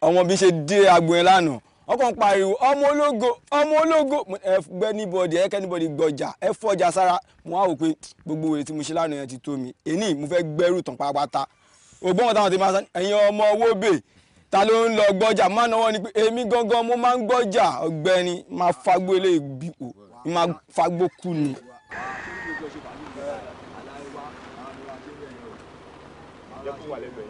ọmọ bí ṣe dé agbo yẹn lánàá wọ́n kàn pariwo ọmọ ológo ọmọ ológo ẹ gbẹ́ níbọ̀dì ẹ kẹ́nìbọ̀dì gbọ́jà ẹ fọ́jà sára mo wá wò pé gbogbo èrè tí mo ṣe lánàá yẹn ti tó mi èní mo fẹ́ gbẹ́rù tán pátápátá ògbọ́n táwọn ti máa sá ẹ̀yin ọmọ owó bè ta ló ń lọ gbọ́jà má náwó ni pé èmi gangan mo máa ń gbọ́jà ọ̀gbẹ́ni máa fagbó eléyìí bí o máa fagbó kú ni. yẹ kó wà lẹ́nu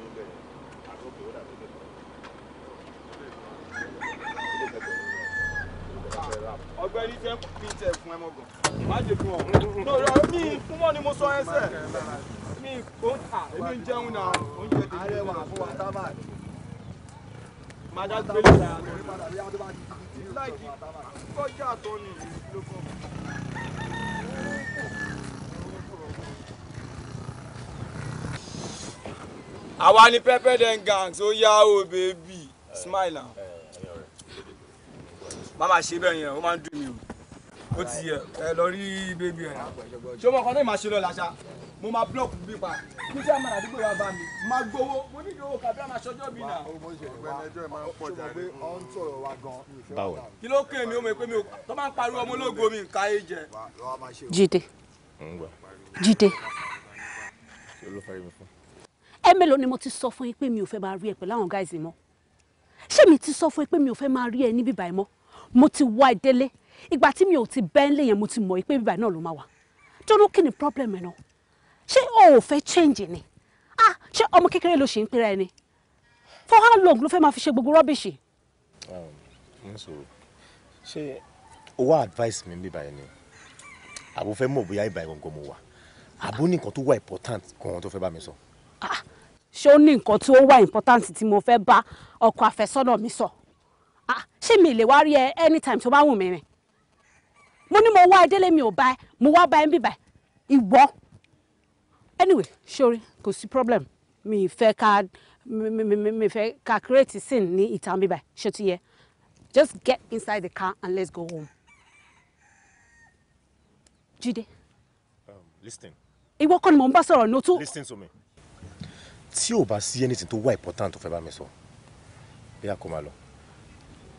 gbogbo ẹni tẹ́ mi tẹ̀ àwa ni pepper den gang so yá o bèbí smile now má máa ṣe bẹ́ẹ̀ yẹn ó máa ń dùn mí o ó ti yẹ ẹ lọ rí bébí ẹ ṣé mo kàn ní màá ṣe lọ làṣà mo máa blọọkù bí pa kí tí a máa àdúgbò wa bá mi máa gbowó mo ní ìdòwò kàbí àmà ṣọjọ́ bí náà. o mo ṣe ìgbẹ́ni ẹjọ́ ẹ máa ń pọ̀ jáde. ọ ń sọ̀rọ̀ wa gan-an. báwo. kí ló kẹ́ mi ó mọ̀ pé mi ò tó máa ń pariwo ọmọ ológo mi nǹka ẹ jẹ. Jídé Jídé. ẹ mélòó ni mo ti sọ fún yín pé mi ò fẹ́ máa rí ẹ pẹ̀lú àwọn gáàsì mọ́ ṣé mi ti sọ fún yín pé mi ò fẹ́ máa rí ẹ níbí báyìí mọ́ mo ti wá ẹ délé ìgbà tí mi ò ti bẹ́ẹ̀ lé yẹn mo ti mọ̀ pé bíbá náà ló máa wà dúró kí ni problem ẹ̀ náà ṣé o ò fẹ́ change ni ah ṣé ọmọ kékeré ló ṣe ń pera ẹni for how long ló fẹ́ máa fi ṣe gbogbo rọ́bìṣì. Um, ṣé o advice mi bíbá ẹni àbò fẹ́ mọ̀ bóyá ìbá ìgbọ̀ngàn mo wà àbò ní nǹkan tó wà important kan tó fẹ́ bá mi sọ. Ah, ṣé ó ní nǹkan tó wà important tí mo fẹ́ bá ọkọ àfẹ́sọ́nà mi sọ. So? ah ṣé mi lè wá rí ẹ anytime tó bá wù mí rìn mo ní mo wá ẹ délé mi ò bá ẹ mo wá bá ẹ ń bíbá ẹ ìwọ anyway sori kò sí problem mi fẹ́ ká mi mi mi fẹ́ ká create sin ní ìta bíbá ẹ ṣé ti yẹ just get inside the car and let's go home Jídé. Um, listen. ìwọ kọ́ ni mò ń bá sọ̀rọ̀ ní listen to me tí ò bá sí anything tó wá important tó fẹ́ bá mi sọ bí a kò máa lọ.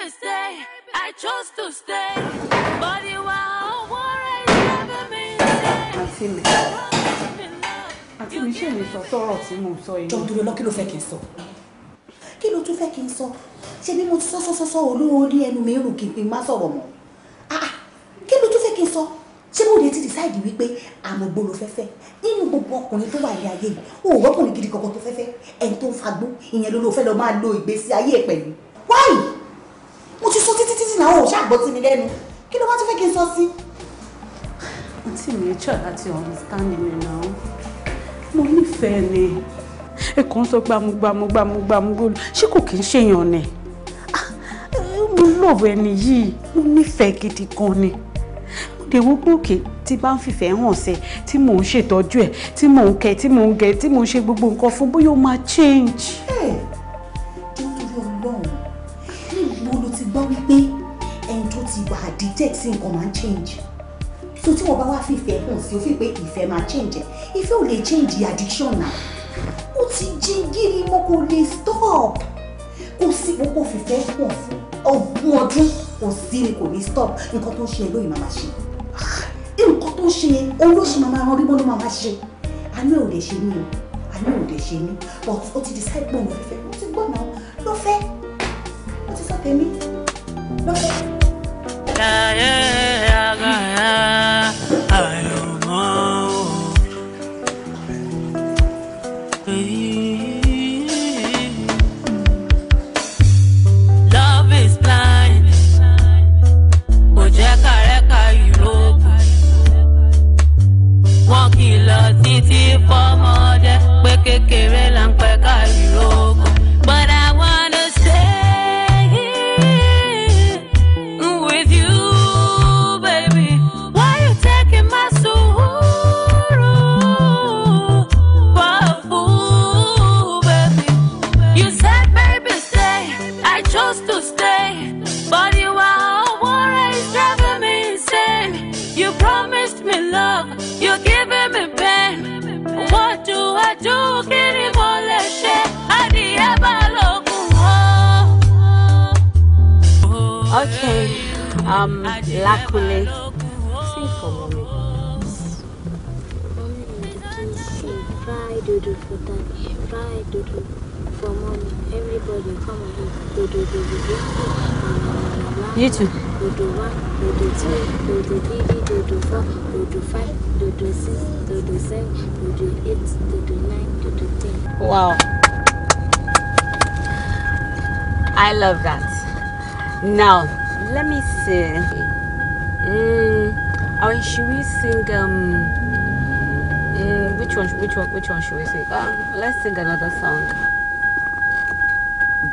to stay. I chose to stay. But you are worried, never mean Àǹtí mi, àǹtí mi ṣé mi sọ sọ́rọ̀ tí mo sọ yìí? Jọ dúró lọ, kí ló fẹ́ kí n sọ? Kí ló tún fẹ́ kí n sọ? Ṣé bí mo ti sọ́sọ́sọ́sọ́ olówó orí ẹnu mi rù kí n má sọ̀rọ̀ mọ́? Ah, ah, kí ló tún fẹ́ kí n sọ? ṣé mo lè ti decide wípé àmọ̀gbòrò fẹ́fẹ́ nínú gbogbo ọkùnrin tó wà ní ayé yìí o ò rọ́kùnrin gidi kankan tó fẹ́fẹ́ ẹni tó ń fagbó ìyẹn ló ló fẹ́ lọ máa lo ìgbésí ayé pẹ̀lú wáyìí náà ò ṣàgbọ́ sí mi lẹ́nu kí ló wá tún fẹ́ kí n sọ sí. àǹtí mi ẹ ṣọ́ láti understand mi náà mo nífẹ̀ẹ́ ni ẹ kàn ń sọ gbàmúgbàmúgbàmúgbàmúgbò ṣé kò kí ń ṣèyàn ni ah, mo lọ́ọ̀bù ẹni yìí mo nífẹ̀ẹ́ gidi gan ni mo dé wo pé òkè tí bá ń fìfẹ́ hàn sẹ́ tí mò ń ṣètọ́jú ẹ̀ tí mò ń kẹ́ tí mò ń gẹ tí mò ń ṣe gbogbo nǹkan fún bóyá ó máa change. Hey. addicted sí nǹkan máa ń change so tí wọ́n bá wá fìfẹ́ hàn sí o fi pé ìfẹ́ máa change ẹ̀ ìfẹ́ ò lè change the addiction náà ó ti jí gírí mọ́ kò lè stop kò sí gbogbo fìfẹ́ hàn fún ogún ọdún kò sí ni kò ní stop nǹkan tó ń ṣe lóyìn máa ṣe nǹkan tó ń ṣe olóṣì máa rán rímọ́ ló máa ṣe àánú ò lè ṣe mí o àánú ò lè ṣe mí but ó ti decide gbọ́n ló fẹ́ ti gbọ́n náà ló ti sọ tèmi ló láyé agbára Love is blind kò jẹ́ kárẹ́ka yúróòpù wọ́n kìlọ̀ títí fọ́mọdé pé kékeré là ń pẹ́ ká um, Lákúnlé, sing for mommy. Mommy, can sing fry dodo for daddy, fry for mommy. Everybody come and eat dodo, dodo, dodo. You too. Dodo one, dodo two, dodo three, dodo four, dodo five, dodo six, dodo seven, dodo eight, dodo nine, dodo ten. Wow. I love that. Now, let me see. Mm, or should we sing um mm, which one which one which one should we sing? Uh, let's sing another song.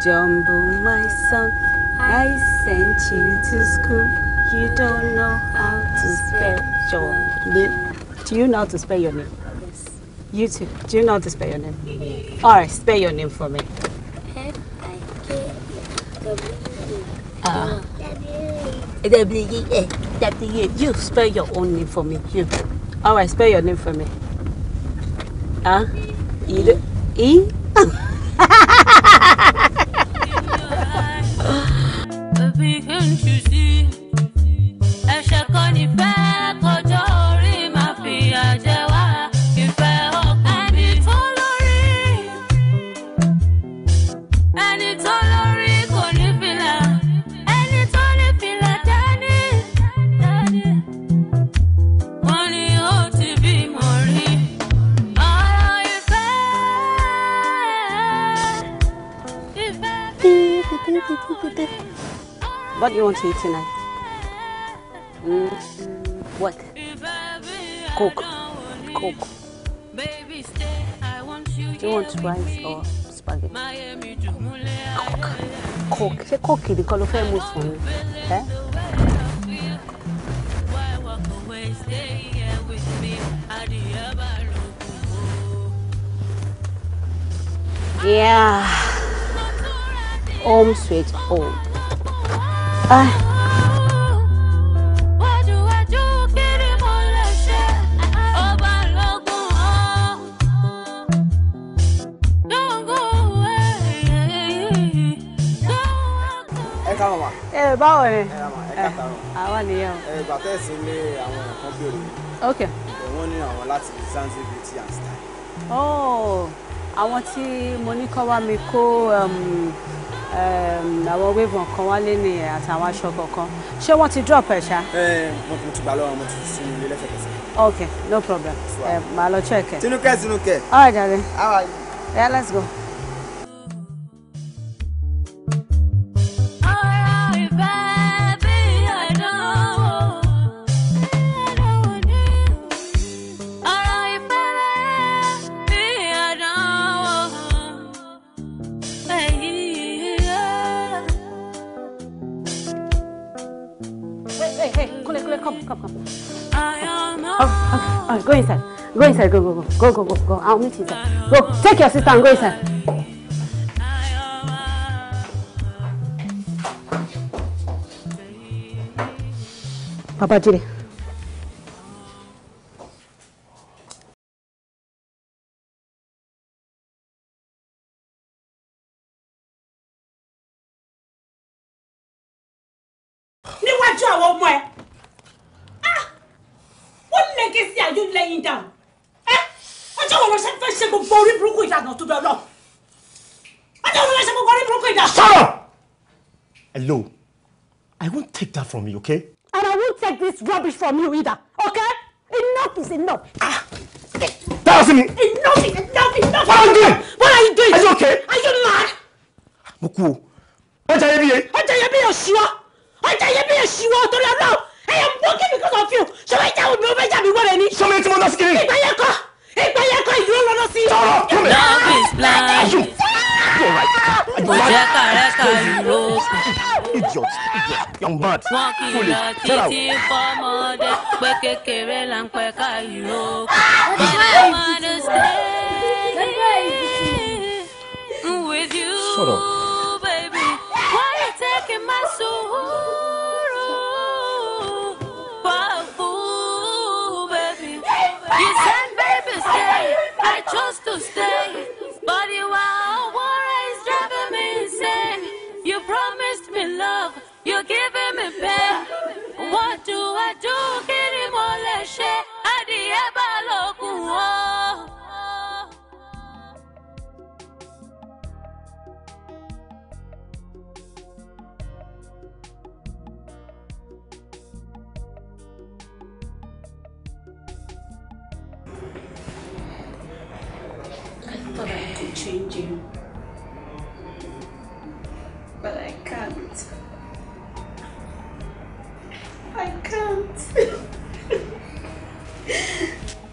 Jumbo my son, I sent you to school. You don't know how to spell your Do you know how to spell your name? Yes. You too. Do you know how to spell your name? Yes. Alright, spell your name for me. F I K W. Ah. W-E-W-E. You spell your own name for me. You. All right, spell your name for me. Huh? Ah, e. e? ṣé kóòkì nìkan ló fẹ́ mú sùn ni. Yeah. Home sweet home. Ah. báwo ni. àwa nìyẹn o. ẹ gbà tẹ́sí lé àwọn nǹkan bèrè. ok. wọ́n ní àwọn láti zanzi beauty and style. oh àwọn tí mo ní kọ́ wá mi kó um, um, àwọn wavon kan wálé ní àtàwọn aṣọ kọ̀ọ̀kan ṣé wọ́n ti drop ẹ̀ ṣá. ẹ mo ti gbà lọ́wọ́ mo ti sí ilé lẹ́sẹ̀kẹsẹ̀. ok no problem màá lọ check ẹ. tinúkẹ́ tinúkẹ́. ọ̀rẹ́ jàre. how are you. yeah let's go. inside. Go, go, go, go, go, go, go. I'll meet you inside. Go, take your sister and go inside. Papa Jide. níwájú àwọn ọmọ ẹ ah what legacy are you laying down? ọ̀rọ̀ ṣe fẹ́ ṣe gbogbo orí burúkú ìdàgbà tó bẹ̀ lọ. ọjọ́ ọ̀rọ̀ ṣe gbogbo orí burúkú ìdàgbà. Shut up! Hello, I won't take that from you, okay? And I won't take this rubbish from you either, okay? Enough is enough. Ah, that wasn't me. Enough is enough, enough. What are you doing? What are you doing? Are you okay? Are you mad? Mo kú o. Ọjà yẹn bí yẹn. Ọjà yẹn bí yẹn ṣíwọ́. Ọjà yẹn bí yẹn ṣíwọ́ torí ọlọ́run. I am working because of you. Ṣé wọ́n ìjà òbí ọmọ ìjà mi wọ́n rẹ̀ ni? Ṣé omi tí mo lọ sí kiri? Ìgbà yẹn kọ́ ìgbéyàkọ ìlú lọ́nà sí. tọrọ kúlẹ̀. love is blind. mo jẹ́ kàrẹ́ kàrí lókun. idiot idiot young man. wọn kì í lọ títí fọmọdé pé kékeré là ń pẹ́ káyì lókun. I stay with you. Shut up. I chose to stay, but you are worries driving me insane. You promised me love, you're giving me pain. What do I do? Getting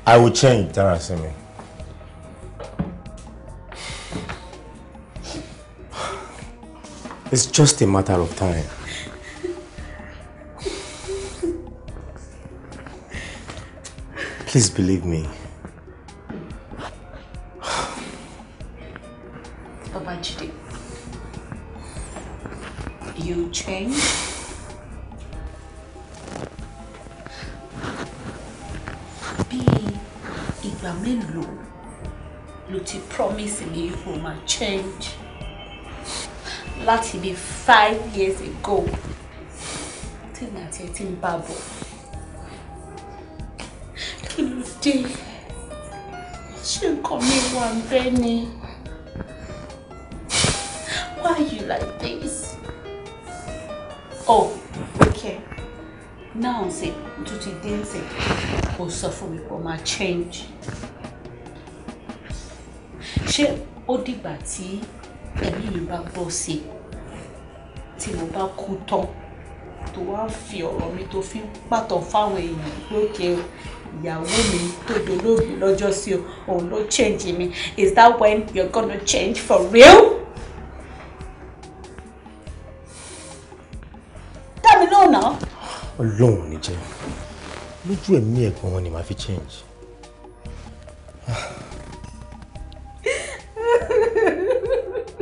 I will change, Darasimi. It's just a matter of time. Please believe me. láti bíi five years ago tí mi àti ẹ ti ń bá bọ̀ kí ló dé ṣé nǹkan mi wà ń bẹ́ ni why you like this oh okay now ṣe tó ti dé ṣe kò sọ fún mi kò máa change ṣé ó dìgbà tí ẹ̀mí mi bá bọ́ sí tí mo bá kú tán tó wá ń fi ọ̀rọ̀ mi tó fi pàtàn fáwọn èèyàn lókè ìyàwó mi tó dolóògbé lọ́jọ́ sí o òun ló change mi is that when you're gonna change for real? dábì lónà. ọlọ́run ní jẹ́ lójú ẹ̀mí ẹ̀gbọ́n wọn ni màá fi change.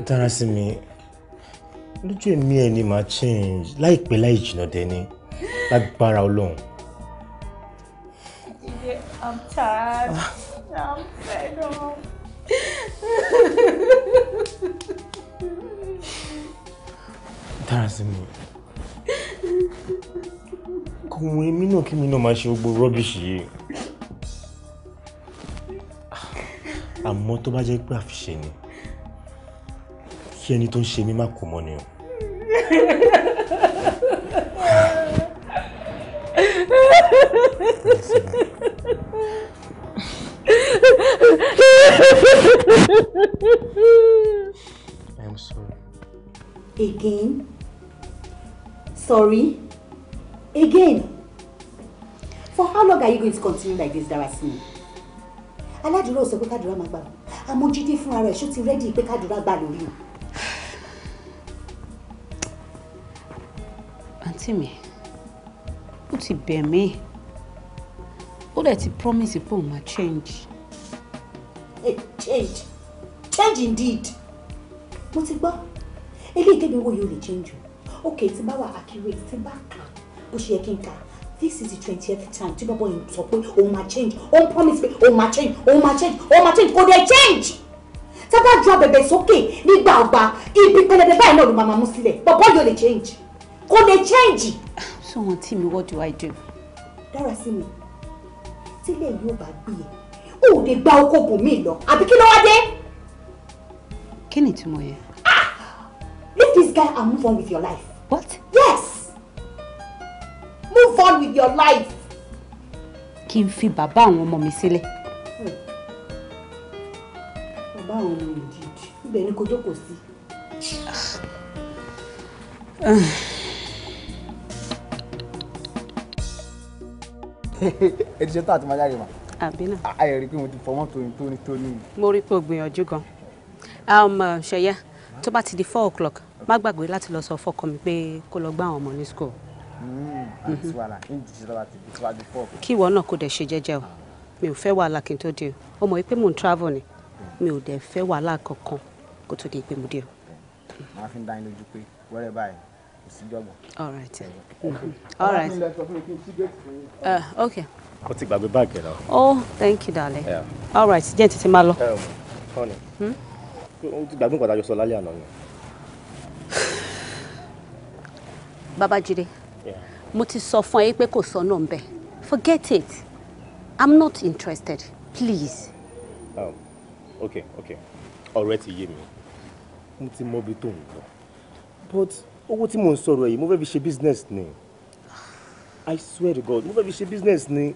Dárasími lójú èmi ẹ ni màá change láìpẹ́ láì jìnnà dẹni lágbára Ọlọ́run. Jíde I'm tired ah. I'm fed up. Dárasími kò wọ èmi náà kí mi náà máa ṣe gbogbo rọ́bìṣì yìí ah. àmọ́ tó bá jẹ́ pé àfiṣe ni kí ẹni tó ń ṣe mí má kú mọ́ ni o. I sorry. Again? Sorry? Again? For how long are you going to continue like this, Darasini? Aládùúrà ò sọ pé kádùúrà máa gbà. Àmọ́ Jídé fúnra rẹ̀ ṣó ti rẹ́dí pé kádùúrà gbà lórí o. tì mí ó ti bẹ̀ mí ó dẹ̀ ti promise pé òun máa change. change change indeed mo ti gbọ́ eléyìí tẹ́bi owó yìí lè change o ok tí bá wà accurate tí bá kà bó ṣe yẹ kí n kà this is the twentieth time tí bọ́bọ́ yìí sọ pé òun máa change òun promise pé òun máa change òun máa change òun máa change kò dẹ̀ change tábà ju abẹ̀bẹ̀ sókè nígbà ọgbà ibi pẹlẹbẹ báyìí náà ló máa mú sílẹ̀ bọ́bọ́ yóò lè change kò lè change. so wọn tí mi what do i do. dára sí mi tílé yìí ò bá gbé e ò lè gba oko bòmí lọ àbí kí ló wá dé. kí ni ìtumọ̀ yẹn. ah leave this guy and move on with your life. what. yes move on with your life. kí n fi bàbá àwọn ọmọ mi sílẹ̀. Hmm. bàbá àwọn ọmọ mi dìde ibẹ̀ ni kò jókòó sí. Ah. ediṣẹ́ tó àti máa jáde mà. àbí náà. ayọ̀ rí i pé mo ti fọwọ́ tóní tóní tóní. mo rí i pé o gbìyànjú gan. Um, ṣẹyẹ tó bá ti di four o'clock má gbàgbé láti lọ sọ fọkọ mi pé kó lọ gbá àwọn ọmọ ní school. Hmm, mhm. kí ìwọ náà kò dẹ̀ ṣe jẹ́jẹ́ o mi ò fẹ́ wàhálà kí n tó dé o ọmọ yìí pé mò ń travel ni mi ò dẹ̀ fẹ́ wàhálà kankan kó tó di pé mo dé o. màá fi ń dá yín lójú pé wẹ́rẹ́ báyìí síjọ́gbọ̀n. all right mm-hmm. all right uh, okay. ó ti gbàgbé báàgì rẹ. oh thank you darling yeah. all right jẹ́ tètè máa lọ. kọ́ni um, hmm? ó ti gbàgbé nǹkan tá a jọ sọ lálẹ́ àná ni. Babajide mo ti sọ fún ẹ pé kò sọ náà ń forget it i'm not interested please. Um, ok ok ọ̀rọ̀ ẹ ti yé mi mo ti mọ ibi tó ń lọ but owó tí mò ń sọ̀rọ̀ yìí mo fẹ́ fi ṣe business ni i swear to god mo fẹ́ fi ṣe business ni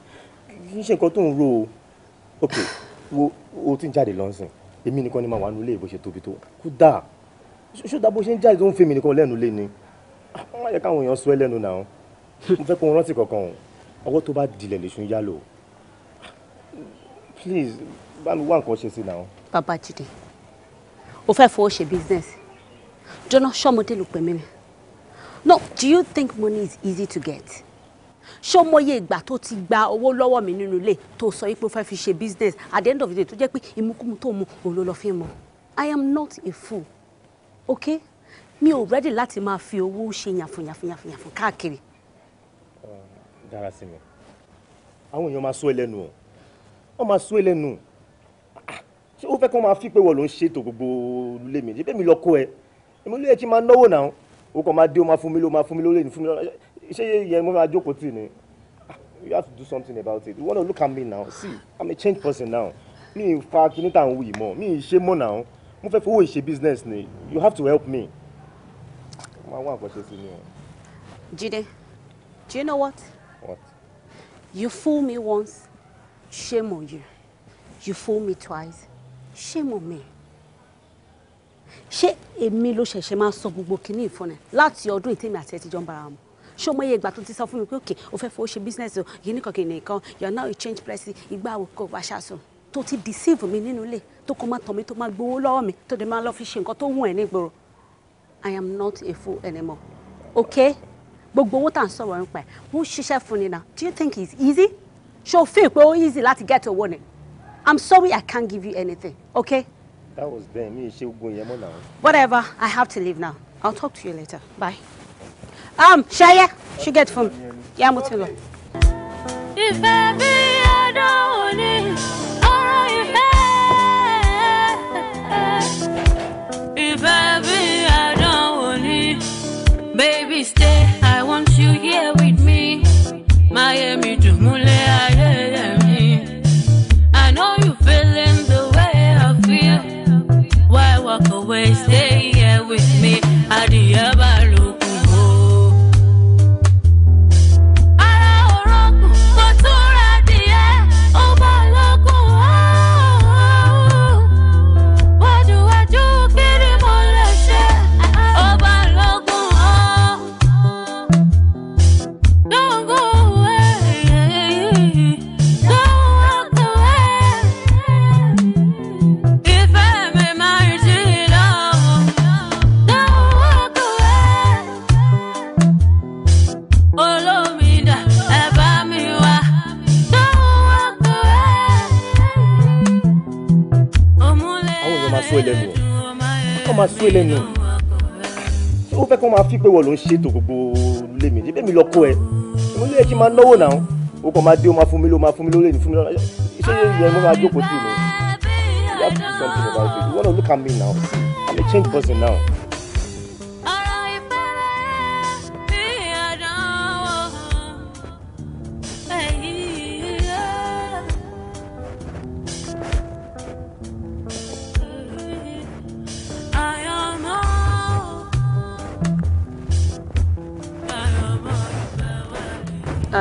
kì í ṣe nǹkan tó ń ro o ok wo o ti ń jáde lọ́sìn èmi nìkan ni màá wà nílé bó ṣe tóbi tó kú dà ṣódà bó ṣe ń jáde tó ń fèmí nìkan lẹ́nu lé ni wọ́n máa yẹ káwọn èèyàn sọ ẹ́ lẹ́nu náà mo fẹ́ kó wọn rántí kankan o ọwọ́ tó bá dilẹ̀ lè sun yálò please bá mi wá nǹkan ṣe sí náà. Babájídé o fẹ́ fowó ṣe business jọ́nà ṣọ́mọdé ló pè mí ni no do you think money is easy to get ṣó mọye ìgbà tó ti gba owó lọ́wọ́ mi nínú ilé tó sọ pé ó fẹ́ fi ṣe business at the end of the day tó jẹ́ pé ìmúkúmu tó mu òun ló lọ fi mọ i am not a fool okay mi ò ready láti máa fi owó ṣe yànfùn yànfùn yànfùn yànfùn káàkiri. dára sí mi àwọn èèyàn máa sọ ẹlẹ́nu o wọ́n máa sọ ẹlẹ́nu ṣé ó fẹ́ kó máa fi pé wọ́n ló ń ṣètò gbogbo lèmi ṣé bẹ́ẹ̀ mi lọ kó ẹ èmi ló yẹ kí n máa náwó náà ó kàn máa dé ó máa fún mi ló máa fún mi ló lè fún mi lọ ṣé yẹ mo máa jókòó tì ní ah, you have to do something about it you wanna look at me now see i'm a changed person now mi ì fa kíní tá à ń wù yìí mọ́ mi ì ṣe mọ́ náà mo fẹ́ fowó ìṣe business ni you have to help me. máa wá àkọ́ṣe sí ni o. Jide do you know what? what? you fool me once shame on you you fool me twice shame on me ṣé èmi ló ṣẹ̀ṣẹ̀ máa sọ gbogbo kínní ìfọ́nà láti ọdún ìtẹ́mi àti ẹtìjọ́ ń bára wọn ṣé o mọ iye ìgbà tó ti sọ fún mi pé òkè o fẹ́ fowó ṣe business o yìí nìkan kì í nìkan you now you change person ìgbà wo kò wá ṣàṣùn tó ti deceive mi nínú ilé tó kọ́ máa tàn mí tó máa gbowó lọ́wọ́ mi tó dẹ̀ máa lọ fi ṣe nǹkan tó wù ẹ́ nígboro I am not a fool anymore okay gbogbo owó tá à ń sọ̀rọ̀ nípa ẹ̀ wọ́n ṣiṣẹ́ fún ni na do you think it's easy ṣé o feel pé ó easy láti get owó ni I'm sorry I can't give you anything okay That was then. Me, she go yemo now. Whatever. I have to leave now. I'll talk to you later. Bye. Um, Shaya, she get phone. Yeah, I'm going to If baby, I don't baby, stay. I want you here with me. Miami. ẹ lẹ́nu ó fẹ́ kó máa fi pé wọ́n ń ṣètò gbogbo lèmi ṣé mi lọ ẹ mo lé kí n máa náwó náà o kò máa dé o máa fún mi ló máa fún mi ló lè ní fún mi lọ́la ṣé yẹn mo máa jókòó tì mí you have to do something about it you wanna look at me now I'm a changed person now.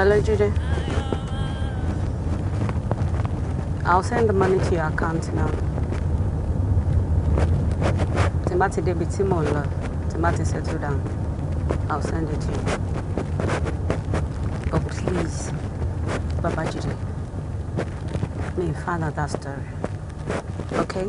lójú dé. I'll send the money to your account now. Tí n bá ti débi tí mò settle down, I'll send it to you. But please, Jide. may father that story. Okay?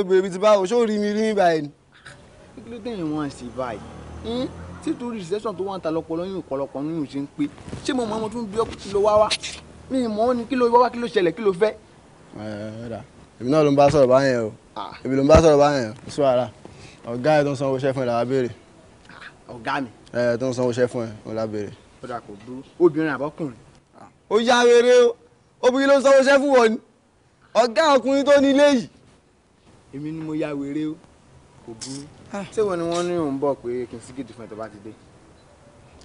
obìnrin bíi ti báwo ṣó rí mi rí mi báyìí ni. kí ló dé ìwọ̀n sí báyìí títorí hmm? recession tó wà ń ta lọ́pọ̀lọ́ yín ọ̀pọ̀lọpọ̀ nínú ṣe ń pé ṣé mo mọ ọmọ tó ń bí ọkùn kí ló wá wá mi mọ̀ ọ́ ni kí ló wá wá kí ló ṣẹlẹ̀ kí ló fẹ́. èmi náà ló ń bá sọ̀rọ̀ báyẹn o èmi ló ń bá sọ̀rọ̀ báyẹn o sọ ara ọ̀gá ẹ̀ tó ń sanwó iṣẹ́ fún ẹ̀ làwa béèrè. ọ̀gá mi. ẹ tó ń sanwó iṣẹ́ fún ẹ̀ ò la béèrè. ó dà kò burú obìnrin àbọ́kùnrin. ó yá rere o obìnrin ló ń sanwó iṣẹ́ fún èmi ni mo ya wèrè o kò burú. Ah, ṣé wọn ni wọn ní òun bọ̀ pé kí n sí gidi fún ẹ tó bá ti dé.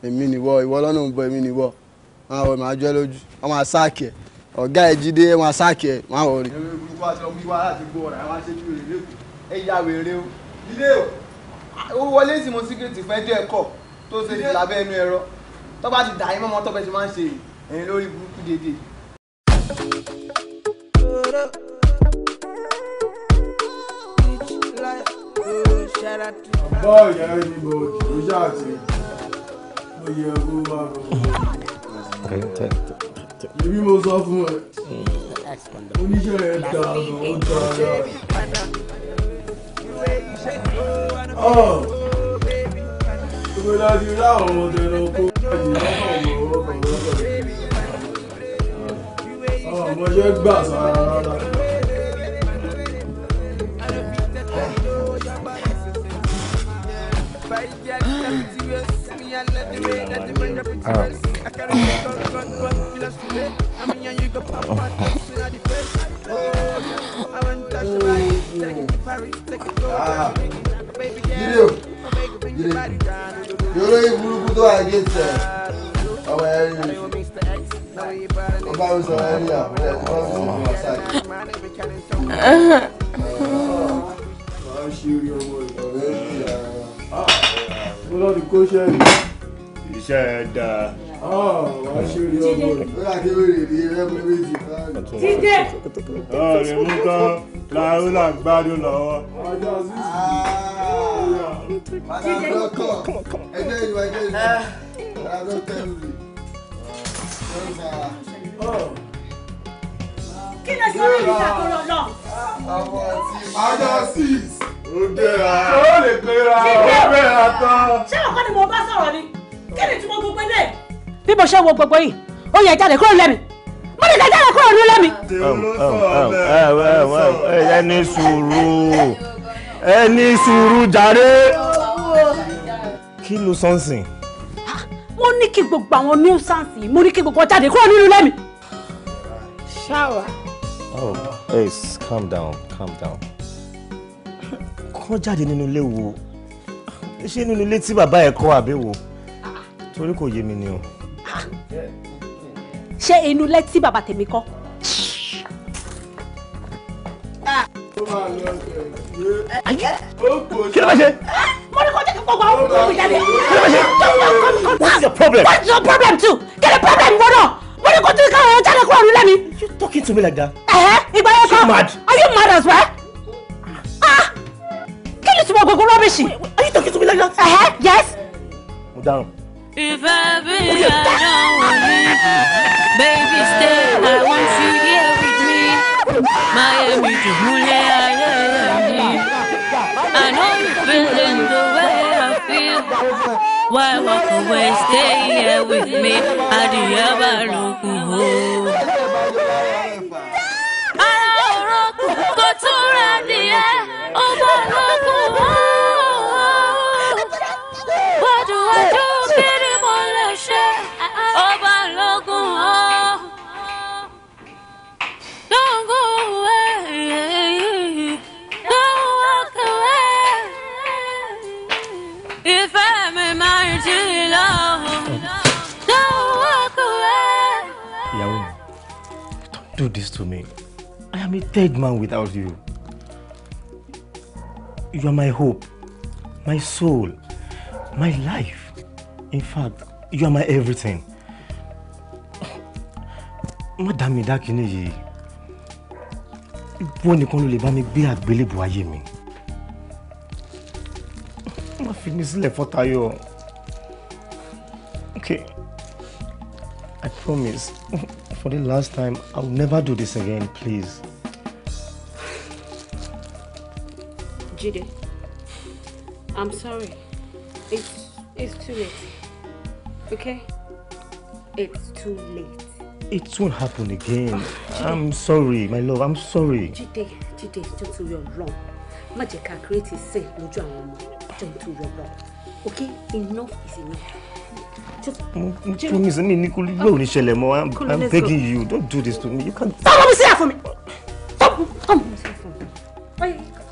èmi nìwọ ìwọ lọ́nà òun bọ̀ èmi nìwọ máa wọ máa jọ lójú wọn máa sáàkì ẹ ọ̀gá ẹ jíde wọn sáàkì ẹ máa wọ rí. ẹ̀rọ ìlú wa sọ wíwá láti gbọ́ ọ̀rọ̀ àwọn aṣojú rẹ̀ lẹ́kọ̀ọ́ ẹ ya wèrè o ilé o wọlé sí mo sígírìtì fún ẹjọ́ ẹ̀kọ́ tó ṣe lábẹ́ ẹnu ẹ̀rọ tó bá ti dà yín mọ́mọ́ tó náírà tù. bàbá ìyá ẹni bọ òjò ṣáà ti mo yẹ kó wá lọ. èmi mo sọ fún ẹ mm. oníṣẹ́ ẹ dà ọ̀nà ó dà ọ̀nà. ìwé láti rí àwọn ọmọdé náà kó báyìí lọ́kàn lọ́kàn lọ́kàn ọmọ ṣe gbà sára rárá. olóyìn burúkú tó wà gé tẹ ọmọ ẹ rí ọba mi sọ ẹ rí àbúrò mo lọ rí kó ṣẹ́ rí. iṣẹ́ ẹ dáa. Ah, wàá ṣe rí ọmọ rẹ̀ ó yà kí wèrè rí ẹ mú méjì báyìí. jíjẹ. ọ̀rẹ́ ah, mú tán láàrú là ń gbádùn lọ́wọ́. ọjọ́ sísè. madam ah. dọ́kọ̀ ẹjẹ́ ìwà ẹjẹ́ ìwà madam dọ́kọ̀ ẹ̀rù rẹ̀ kí lè sọ orí ìjà tó lọ lọ. àwọn àti ada six ó dẹ́ra ó lè pera ó bẹ́ra tán. ṣé ọkọ ni mo bá sọ̀rọ̀ ni kí ni tí mo gbogbo ilé. bí mo ṣe wo gbogbo yìí ó yẹ jáde kúrò lẹ́mi mo lè jáde kúrò nílé mi. ẹ sùúrù ẹ sùúrù jàre kí ló sọ́nsìn. wọ́n ah, ní kí gbogbo àwọn nuisance yìí mo ní kí gbogbo jáde kúrò nínú ilé ṣáwa. Oh, Ace, calm down, calm down. Kọ́ jáde nínú ilé wo? Ṣé nínú ilé tí bàbá ẹ̀ kọ́ àbí wo? Torí kò yé mi ni o. Ṣé inú ilé tí bàbá tèmi kọ́? Kí ló bá ṣe? Mo ní kó jẹ́ kí n kọ́ gba ọkùnrin jáde. Kí ló bá ṣe? What's your problem? What's your problem too? Kí ni problem wọ́n náà? Mo ní kó tún káwọn ọjà lè kó ọ̀run lẹ́mi talking to me like that. ẹ̀hẹ́ eh, ìgbà so mad. are you mad as well. ah Can ah. you tuma gbogbo rubbish. are you talking to me like that. Uh-huh. yes. mo dáhùn. ìfẹ́ bí àdánwò mi baby stay i want you here with me miami dùgbùlẹ̀ ayé yẹn ni. I know you're feeling the way I feel. Why walk away? Stay here with me. Adiaba lukuhu. Don't go away, don't walk away. Ìfẹ́ mi máa ń jí Don't walk away. Ìyàwó don't do this to me am a dead man without you. You are my hope, my soul, my life. In fact, you are my everything. Má dá mi dá kíní yìí. Ìwọ nìkan ló lè bá mi finish àgbélébù ayé mi. Okay, I promise. For the last time, I'll never do this again, please. Jide, I'm sorry. It's it's too late. Okay? It's too late. It won't happen again. Oh, I'm sorry, my love. I'm sorry. Jide, Jide, jọ̀ọ́ torí Ọlọ́run. Má jẹ́ ká create sin lójú àwọn ọmọ. Jọ̀ọ́ torí Ọlọ́run. Okay? Enough is enough. Just promise me, Nicole, you won't I'm, I'm begging go. you. Don't do this to me. You can't. Stop! Let me see that for me. Stop! Come. Let me see that for me. Why?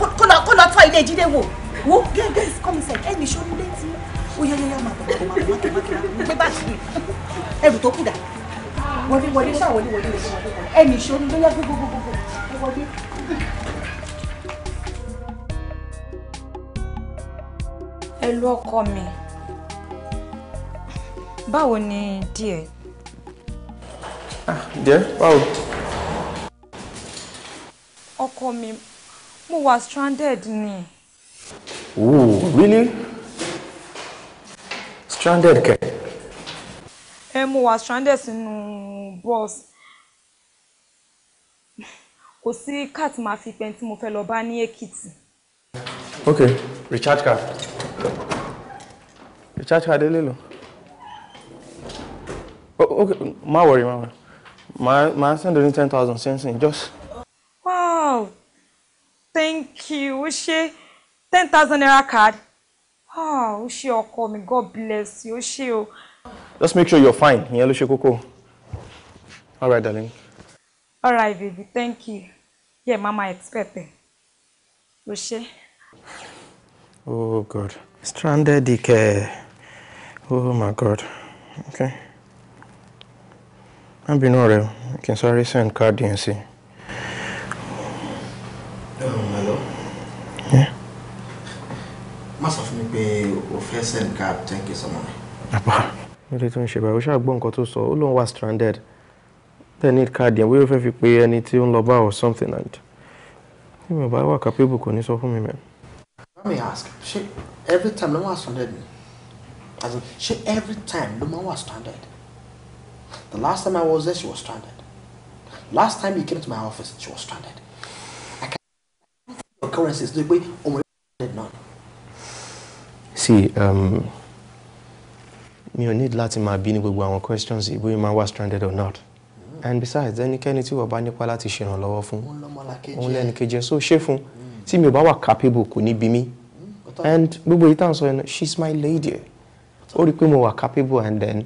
kó lọ tọ́ ilé jíde wò wò gẹ́gẹ́ kọ́mísẹ̀ ẹnì sọ́nù létí ó yẹ yẹyẹ máa bọ̀ máa bọ̀ máa bọ̀ gbé báàgì ẹrù tó kù dà wọlé wọlé ṣáà wọlé wọlé ẹnì sọ́nù ló yẹ gbogbogbò wọlé. ẹ lú ọkọ mi báwo ni díẹ̀. Ah, díẹ̀ báwo. ọkọ mi mo wà stranded ni. ooh really stranded kẹ. ẹ mo wà stranded sínú bus kò sí káàtì máa fi pẹ́ẹ́n tí mo fẹ́ lọ bá ní èkìtì. ok recharge card recharge card délé lọ. Oh, ok má wọrí má wọrí màá send only ten thousand sẹ́nsìn just. wow thank you ó ṣe ten thousand naira card ah ó ṣe ọkọ mi god bless you ó ṣe o. just make sure you're fine ìyẹn ló ṣe kókó all right darling. all right baby thank you yeah mama expect it ó ṣe. oh god stranded ike oh my god okay I'm being ọ̀rẹ́ o kí n send card DNC. Eh? má sọ fún mi pé o fẹ́ send card ten you sọmọ mi. àpá nílé tó ń ṣe báyìí ó ṣàgbọ́n nǹkan tó sọ ó lóun wà stranded They need card yẹn we ó to pay. pé ẹni tí ó or something and you mi ò work, wà capable kò ní sọ fún mi mẹ́. let me ask She every time ló was stranded as she every time ló máa wà stranded the last time I was there she was stranded last time he came to my office she was stranded occurrences tó yẹ pé ọmọ ìlú náà ni. see um, mi ò need láti máa bí ní gbogbo àwọn questions ìbóyè máa wá stranded or not mm-hmm. and besides ẹnikẹ́ni tí wọ́n bá nípa láti ṣèrànlọ́wọ́ fún òun lẹ́nu kejì ẹ̀ so ṣé fún mm. tí mi ò bá wà capable kò ní bí mi mm, and gbogbo yìí tá à sọ yẹn she is my lady ó rí i pé mo wà capable and then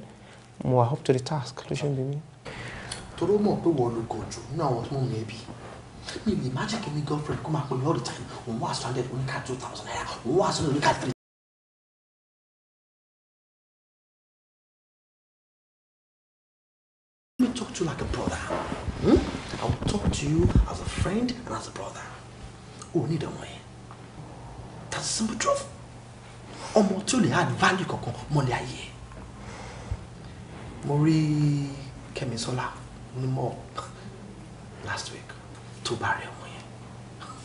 mo wà up to the task ló ṣe ń bí mi. toró mọ̀ pé wọ́n lu gòjò ní àwọn tó mú mi mi lè imagine kí ni girlfriend come up with mí all the time òun wà stranded oníkà two thousand naira We wà stranded oníkà three. Let me talk to you like a brother. Hmm? I will talk to you as a friend and as a brother. O need a way. That's simple truth. Ọmọ tí o had value kankan mọ́lẹ̀ ayé ẹ̀. Marie came in Sọ́lá ní mọ́ last week tó bá rẹ ọmọ yẹn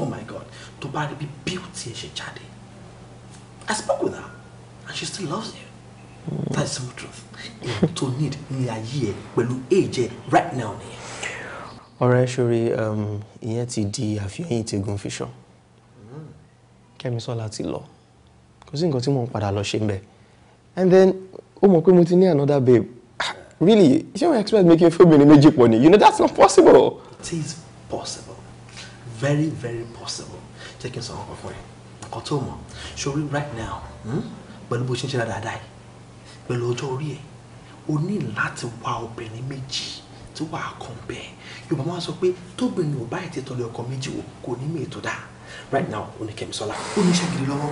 oh my god tó bá rẹ bí beauty ẹ ṣe jáde i spoke with her and she still loves you that is simple truth èyí tó need ní ayé ẹ pẹ̀lú age right now nìyẹn. ọ̀rẹ́ ṣorí um, ìyẹn ti di àfihàn yìí ti gun fíṣàn Kẹ́misọ́lá ti lọ kò sí nǹkan tí mò ń padà lọ ṣe ń bẹ and then ó mọ̀ pé mo ti ní another babe ah, really you don't expect making fóbìnrin méjì pọ̀ ni you know that's not possible. it is possible very very possible jẹ́ kí n sọ̀rọ̀ kan fún ẹ right now hmm, pẹ̀lú bó ṣe ń ṣe dáadáa yìí pẹ̀lú ọjọ́ orí ẹ̀ o ní láti wá obìnrin méjì tí wàá kàn bẹ́ẹ̀ Yorùbá máa sọ pé tóbìnrin ò bá ètè tọ́lé ọkọ méjì wò kò ní mí ètò dáa right now ó ní Kẹ́misọ́lá ó ní iṣẹ́ gidi lọ́wọ́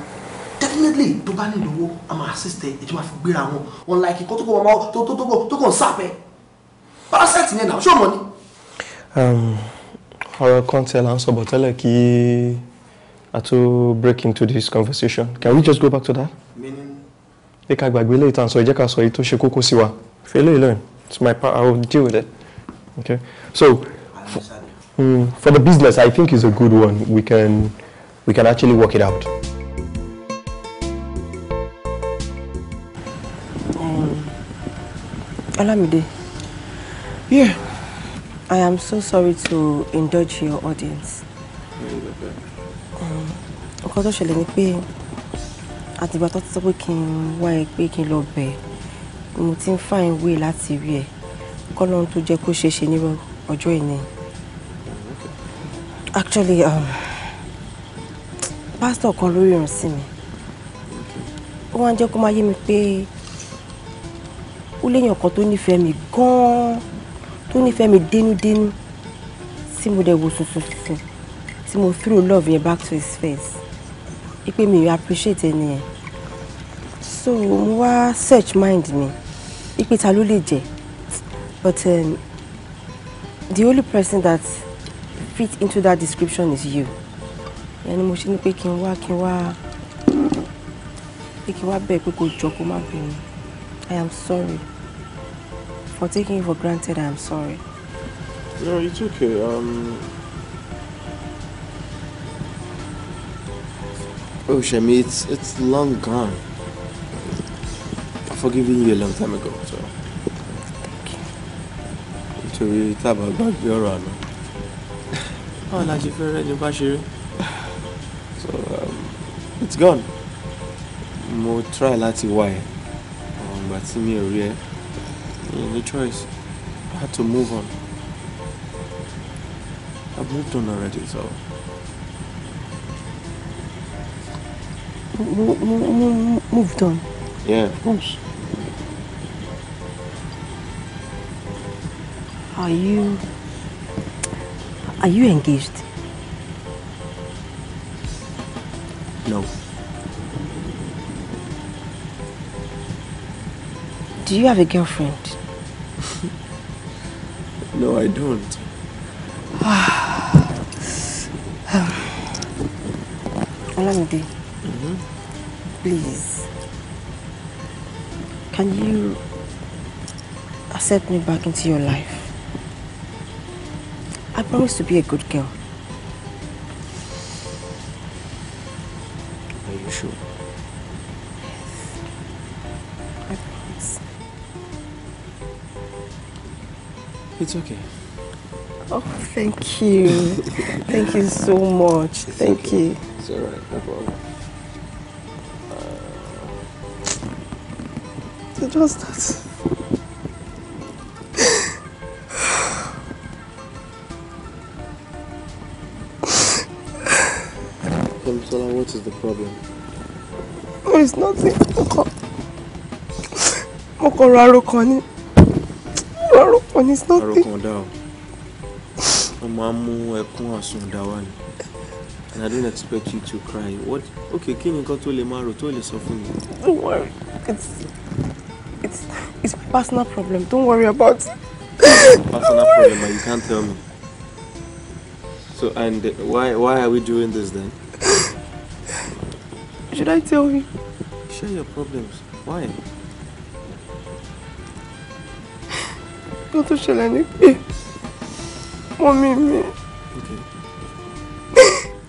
definitely tó bá nílò owó a máa assist ẹ ètò máa fi gbéra wọn unlike kó tó kó ọmọ tó tó tó kó tó kó ń sáàpẹ parasite yẹn náà ṣé ọmọ ni. Um, ọ̀rọ̀ counsel tí a là ń sọ bọ̀ tẹ́lẹ̀ kí break into this conversation can we just go back to that. Meaning? ká gbàgbé ilé ìtàn sọ ẹ jẹ́ ká sọ èyí tó ṣe kókó sí wa fi eléyìí lẹ́yìn it's my part I will deal with it okay so for, um, mm, for the business I think it's a good one we can we can actually work it out. Um, Olamide. Um, yeah. I am so sorry to indulge your audience. Um, nǹkan tó ṣẹlẹ̀ ni pé àtìgbà tó ti sọ pé kí n wá ẹ pé kí n lọ bẹ̀ mo ti ń fàìn wé láti rí ẹ kọ́lọ́n tó jẹ́ kó ṣeé ní ọjọ́ ìní. Actually, um, pásítọ̀ kan lórí ìrùn sí mi ó wá ń jẹ́ kó máa yé mi pé ó léèyàn kan tó nífẹ̀ẹ́ mi gan-an tó nífẹ̀ẹ́ mi dénúdénú tí mo dẹ̀ wò tuntun tuntun tí mo throw love yẹn back to his face ipe mi yóò appreciate ẹni yẹn so mo wá search mind mi ipe ta ló lè jẹ but um, the only person that fit into that description is you ẹni mo ṣe ni pé kí n wá kí n wá pé kí n wá bẹ́ẹ̀ pé kò jọ kó má bínú I am sorry. For taking it for granted, I'm sorry. No, it's okay. Um, oh, Shami, it's, it's long gone. I've forgiven you a long time ago, so. Thank you. Nítorí tábà gbàgbé ọ̀rọ̀ àná. Báwo la ṣe fẹ́ rẹ́ So, um, it's gone. Mo try láti Why? But see me a mi in the choice. I had to move on. I've moved on already, so. moved on? Yeah. of course. Are you. Are you engaged? No. Do you have a girlfriend? No, I don't. Olamide, mm-hmm. please, can you accept me back into your life? I promise to be a good girl. It's okay. Oh, thank you. thank you so much. It's thank okay. you. It's all right. No problem. Uh... It was that. Kamsola, what is the problem? Oh, it's nothing. Mo kọ̀ rárá kan ni and it's not. àròkàndá o wọ́n máa ń mú ẹkún àsundà wá ni and I don't expect you to cry what okay kí ni nǹkan tó lè máa rò tó lè sọ fún mi. don't worry it's it's it's my personal problem don't worry about it. personal problem but you can't tell me. So and why why are we doing this then? Should I tell you? Share your problems. Why? nǹkan tó ṣẹlẹ̀ ni pé mọ́mí mi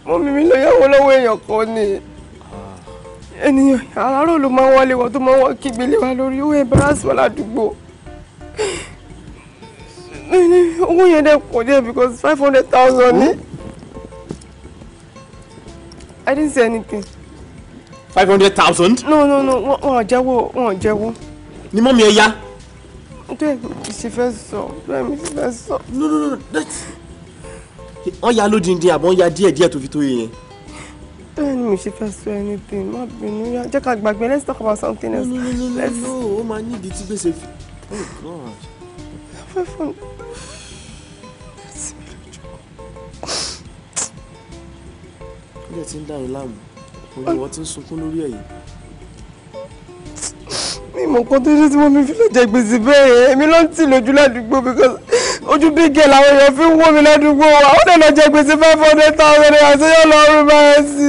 mọ́mí mi lọ lọ́wọ́ èèyàn kan ni ènìyàn àárọ̀ ló máa ń wọlé wọn tó máa ń wọ kígbe lé wa lórí owó embarrass wa ládùúgbò owó yẹn dẹ̀ pọ̀ díẹ̀ because five hundred thousand ni I didn't say anything. five hundred thousand. no no no wọn ò jẹ́wọ́ wọn ò jẹ́wọ́. ni mọ́mí ẹ yá bẹ́ẹ̀ mi ti fẹ́ so. bẹ́ẹ̀ mi ti fẹ́ so. no no no that wọ́n ya lódìndín àbọ̀ wọ́n ya díẹ̀ díẹ̀ tó fi tó yẹn. bẹ́ẹ̀ ni mi ṣe fẹ́ sọ anything má bínú yá jẹ́ ká gbàgbé let's talk about something else. no no no no ó máa ní ibi tí gbèsè fi. oh god. fẹ́ fún mi. ó dẹ̀ ti ń dá yín láàmú òye wọ́n ti ń sunkún lórí ẹ̀yìn mi mọ nǹkan tó ṣe tí wọ́n mi fi lọ jẹ gbèsè bẹ́ẹ̀ yẹn èmi ló ń tì lójú ládùúgbò because ojú bí gẹ̀ làwọn èèyàn fi ń wọ́ mi ládùúgbò wa ó dẹ̀ lọ jẹ gbèsè five hundred thousand naira tó yọ lọ rí báyẹn sí.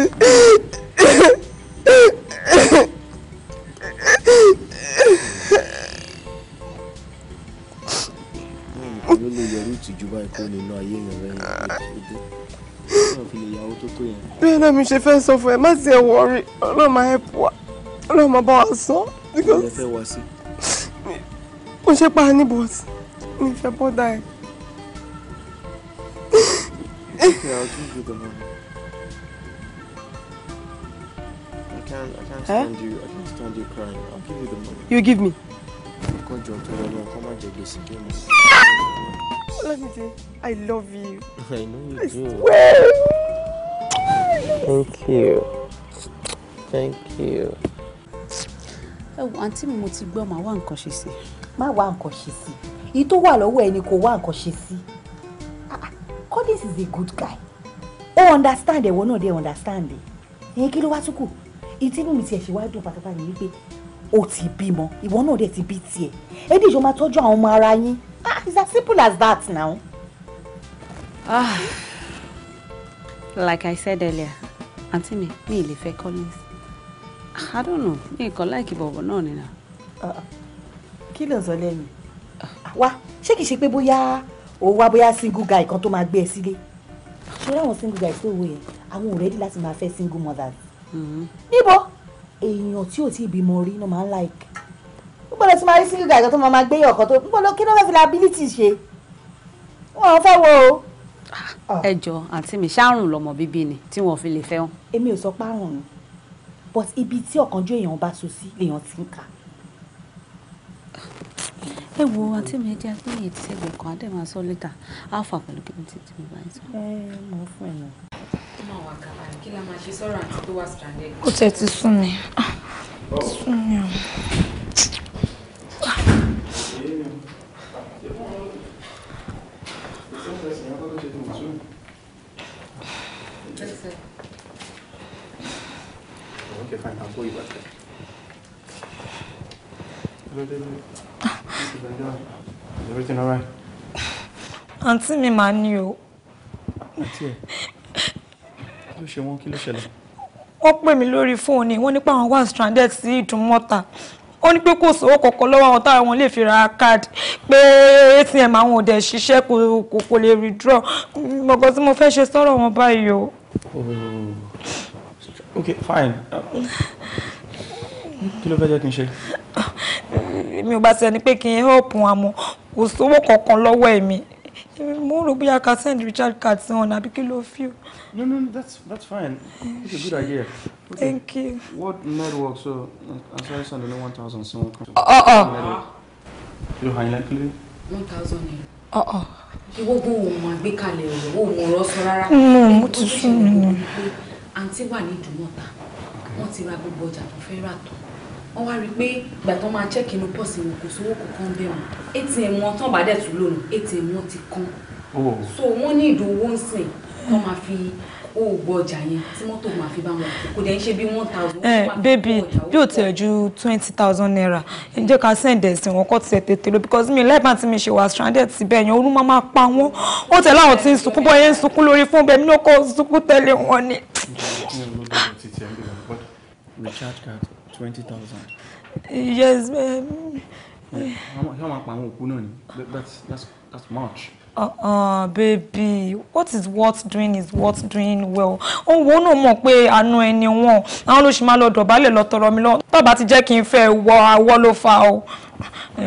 ló lè yọrù ìtìjú báyìí kó nínú ayé yẹn rẹ bẹ́ẹ̀ náà mi ṣe fẹ́ sọ fún ẹ má sì ẹ wọrí Ọlọ́run máa ẹ pọ Ọlọ́run máa bá wa sọ ilẹ̀ fẹ́ wá sí. mo ṣe pa ní Okay, I'll give you the money. I can't, I can't stand eh? you. I can't stand you crying. I'll give you the money. You give me. Kọjọ tó lọ lọ, kọ́ má jẹ gbèsè kí I love you. I know you I do. Swear. Thank you. Thank you ẹ wò àǹtí mi mo ti gbọ́ màá wá nǹkan ṣe sí. má wá nǹkan ṣe sí èyí tó wà lọ́wọ́ ẹ kò wá nǹkan ṣe sí ah, ah, Collins is a good guy ó understand ẹ̀wọ̀n náà dé understand ẹ̀yìn kí ló wá tún kù ìtìmí mi tiẹ̀ ṣe wá dùn pátápátá ni wípé o ti bímọ ìwọ náà dẹ̀ ti bí tiẹ̀ ẹ dì jọ máa àwọn ọmọ ara yín ah it's as simple as that now. ah like I said earlier àǹtí mi mi ì lè fẹ́ Collins I don't know mi kàn láìkí bọ̀bọ̀ náà nínú. kí ló ń sọ lẹ́nu wá ṣé kìí ṣe pé bóyá o wá bóyá single guy kan tó máa gbé ẹ sílé ṣọlá àwọn single guys tó wò yẹn àwọn ò rẹ́dí láti máa fẹ́ single mothers. Mm-hmm. níbo èèyàn tí ò tí ì bímọ rí ló máa ń like níbo ló ti máa rí single guy kan tó máa máa gbé yàn kan tó níbo ló kí ló fẹ́ fi liability ṣe wọn fẹ́ wo o ah, ẹ jọ àǹtí mi ṣáàrùn lọmọ bíbí ni tí wọn fi lè fẹ́ wọn. èmi ò sọ párùn ni but ibi tí ọ̀kánjọ́ èèyàn bá so sí lèèyàn ti ń kà. ẹ wo àti mi jẹ́ pé èyí ti ṣẹ́gun kan adé máa sọ lẹ́tà alpha pẹ̀lú kí n ti ti bá yín sọ. ẹ mọ fún ẹ náà. kí la máa ṣe sọ́rọ̀ àti tó wà stranded. ó tẹ̀ ti sún mi ah, sún mi o. Thank ah. you. 我给翻墙过一百层。对对对，几分钟，你会经常玩？àǹtí mi máa ní o. àǹtí ẹ kí ló ṣe wọn kí ló ṣẹlẹ̀. wọ́n pè mí lórí fóònù wọ́n ní pé àwọn wà stranded sí ìdúnmọ́ta ó ní pé kò sówó kọ̀ọ̀kan lọ́wọ́ àwọn táwọn wọn lè fi ra card pé atm àwọn ò dẹ̀ ṣiṣẹ́ kò kò lè withdraw mọ̀gàn tí mo fẹ́ ṣe sọ̀rọ̀ wọn báyìí o. Oh okay fine kí ló fẹ́ jẹ́ kí n ṣe. èmi ò bá ti ẹni pé kí n help wọn àmọ́ kò sówó kankan lọ́wọ́ èmi mo ń rò bóyá ká send richard card sí wọn àbí kí ló fi o. no no that's that's fine it's a good idea. Okay. thank you. what network so i'm sorry send only one thousand sí wọn. ọ̀ ọ̀ kí ló hàn yín lẹ́kílé. one thousand naira. ọ̀ ọ̀. Uh-uh. ìwọ́gbọ̀n òun àgbékalẹ̀ ọ̀rọ̀ òun ọ̀rọ̀ sọ rárá. Mm, mo ti sún mi àǹtí wà ní ìdúmọ̀ta wọ́n ti ra gbogbo ọjà tó fẹ́ rà tán wọ́n wá rí i pé ìgbà tó máa check inú pọ́ọ̀sì wọn kò sówó kankan bẹ́ẹ̀ wọn atm wọn tán bá dẹ̀ tún lónìí atm wọn ti kán oh. so wọ́n ní ìdòwò ń sìn wọ́n máa fi o ò gbọ́ ọjà yẹn tí mọ́tò máa fi bá wọn kò dẹ̀ ń ṣe bí one thousand. ẹ bébì bí o tiẹ̀ ju twenty thousand naira ẹ jẹ́ ká send ẹ̀ sí wọn kọ́ tiẹ̀ tètè lọ because mi lẹ́ẹ̀bà tí mi ṣe wà stranded síbẹ̀ yẹn olú máa máa pa wọ́n wọ́n tẹ̀lé àwọn tí ń sunkún bọ́ yẹn ń sunkún lórí fún bẹ́ẹ̀ mi ló kọ́ sunkún tẹ̀lé wọn ni. yes. yọ̀ọ́ eh, máa pa àwọn òkú náà ni that's that's that's uh-uh, baby what is worth doing is worth doing well òun oh, wo náà mọ̀ pé àánú ẹni wọn àwọn ló ṣì máa lọ dọ̀bálẹ̀ lọ tọrọ mi lọ bàbá ti jẹ́ kí n fẹ́ wọ awọ́ ló fa o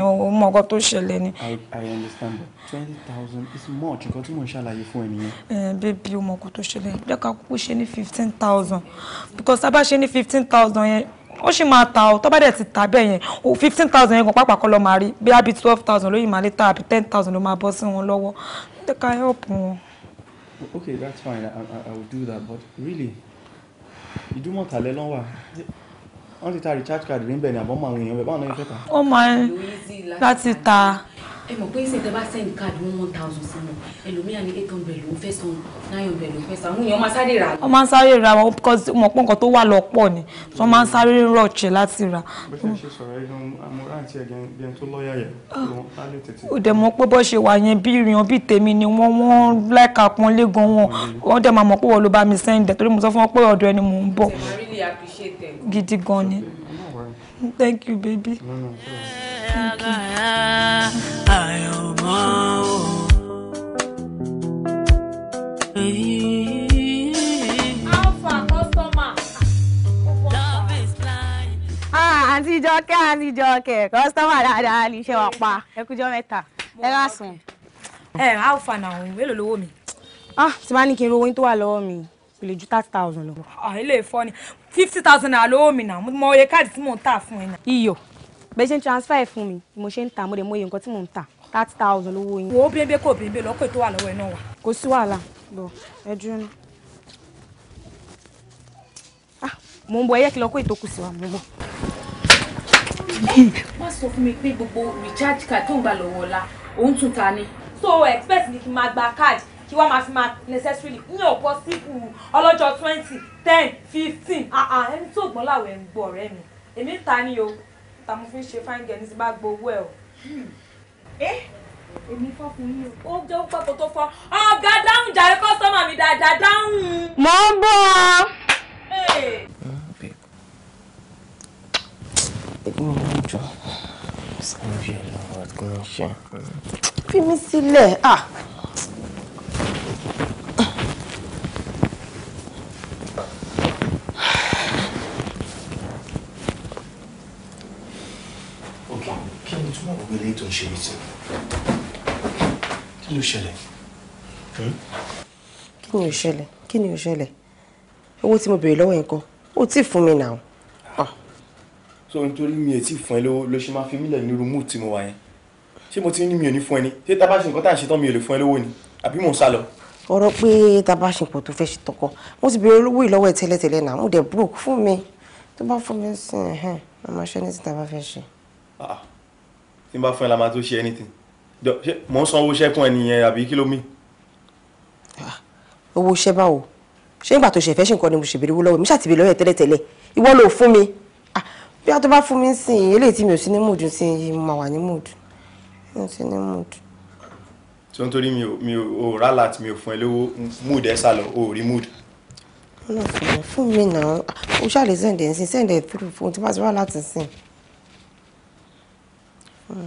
o mọ ọkọ tó ṣẹlẹ̀ ni. i i understand but twenty thousand is much nǹkan tí mò ń ṣàlàyé fún ẹ nìyẹn. ẹ eh, bébí o mọ tó ṣẹlẹ̀ jẹ́ ká kúkú ṣe ní fifteen thousand because tá a bá ṣe ní fifteen thousand yẹn ó sì máa ta ọ tó dẹ̀ ti tà bẹ́ẹ̀ yẹn fifteen thousand yẹn kan pàápàá kọ́ lọ máa rí bí àbí twelve thousand lóyìn máa lé ta àbí ten thousand ló máa bọ́ sí wọn lọ́wọ́ they can help wọn. okay that's fine I, I, I will do that but really ìdúmọ̀tàlẹ́ lọ́wọ́ wọ́n ti ta recharge card rí bẹ́ẹ̀ ni àbọ̀mọ̀ àwọn èèyàn bẹ́ẹ̀ báwọn náà yẹn fẹ́ ta. ó máa ń láti ta ẹ mọ̀ pé ṣe tẹ bá send card one one thousand sí wọn ẹlòmíà ní eight hundred ló fẹ́ san nine hundred ló fẹ́ san àwọn èèyàn máa sáré rà. wọ́n máa ń sáré rà wọ́n because mọ̀ pé nǹkan tó wà lọ́pọ̀ ni wọ́n máa ń sáré rọ̀ọ̀ṣẹ̀ láti rà. bó ṣe ṣe sọ̀rọ̀ ẹ̀ gan amúra àti ẹ̀gẹ́ bí ẹni tó lọ́ọ̀yà yẹ ló á ó dẹ̀ mọ̀ pé bó ṣe wà yẹn bí ìrìnà bí tèmi ni wọ́n wọ́n láìka mm. thank you baby. Thank you àǹtí jọkẹ́ àǹtí jọkẹ́ kọ́sítọ́mà dáadáa lè ṣe wà pa ẹkújọ́ mẹ́ta ẹ lásùn. ẹ eh, how far na òun èlò lówó mi. ah tí bá ní kí n rówó yín tó wà lọ́wọ́ mi kò lè ju thirty thousand lọ. Ah, ilé ìfọ́ ni fifty thousand naira lówó mi náà mo yẹ káàdì tí mò ń tà fún ẹ náà. iyọ̀ bẹ́ẹ̀ ṣe ń transfer ẹ̀ fún mi mo ṣe ń tà mo dẹ̀ mo yẹ nǹkan tí mò ń tà thirty thousand lówó yín. wo bíbẹ́ kò bíbẹ́ lọ́pẹ́ tó wà lọ́wọ́ ẹ náà wà. kò sí wàhálà bọ̀ ẹ dúró ní. Ah, mò ń bọ ẹyẹ kí lọ kó ìtókù sí wa mò ń bọ. má sọ fún mi pé gbogbo recharge card tó ń gbà lọ́wọ́ ọ̀la òun tún ta ni. so expect ni kí n máa gba card kí wọ́n máa fi máa necessarily ní ọ̀pọ̀ síkù ọlọ́jọ́ twenty ten fifteen ah, ah, ẹni tó gbọ́n láwẹ̀ ń gbọ́ ọ̀rẹ́ mi èmi ń ta ni o tàmí fi ń ṣe fáńgẹ̀ ní ti bá gbowó ẹ̀ o. Hmm. Eh? èmi fọ́ fún yín o. ó jẹ́ pé kò tó fọ́ ọ̀gá dáhùn jàre kọ́sọ́mà mi dáadáa dáhùn. mò ń bọ̀ ọ́. Èmi ò ń jọ. Sáré lọ́wọ́ tó ń ṣe. Fi mi sílẹ̀. Ah! gbogbo eléyìí tó ń ṣe létí kí ló ṣẹlẹ̀ hm? kí ni o ṣẹlẹ̀ kí ni ò ṣẹlẹ̀ owó tí mo béèrè lọ́wọ́ yẹn kan ó ti fún mi náà. Ah. so nítorí mi ò tí fún ẹ lówó ló ṣe máa fi mílẹ̀ nírú mood tí mo wà yẹn ṣé mo ti ní mi ò ní fún ẹ ni ṣé tá a bá ṣe nǹkan tá à ń ṣe tán mi ò lè fún ẹ lówó ni àbí mò ń sá lọ. ọ̀rọ̀ pé tá a bá ṣe nǹkan tó fẹ́ ṣe tọkọ mo ti béèrè olówó ìlọ́wọ́ ẹ tẹ́lẹ̀tẹ́lẹ̀ náà mo dẹ̀ broke fún mi tó bá fún mi sí ẹ̀hẹ́n mo máa ṣe ní tí tá a bá fẹ́ ṣe. Ah, ah tí n bá fún ẹ la máa tó ṣe anything mò ń sanwó iṣẹ́ fún ẹ nìyẹn àbí kí ló mí. Ah, owó iṣẹ́ báwo ṣé nígbà tó ṣe ìfẹ́ ṣe nǹkan ni mo ṣèbèrè owó lọ́wọ́ mi ṣàtìbí lọ́wọ́ tẹ́lẹ̀tẹ́lẹ̀ ìwọ ló fún mi ah, bí a tó bá fún mi ń sìn yín eléyìí tí mi ò sí ní mood sí yín mo máa wà ní mood mi ò sí ní mood. tí wọ́n torí mi ò mi ò mi ò fún ẹ lówó mood ẹ sá o ò rí mood fún mi náà ó ah, ṣàlẹ̀ sẹ́ǹdẹ̀ ń sìn sẹ́ǹdẹ̀ through fún tí bá ti wá láti sìn Uh.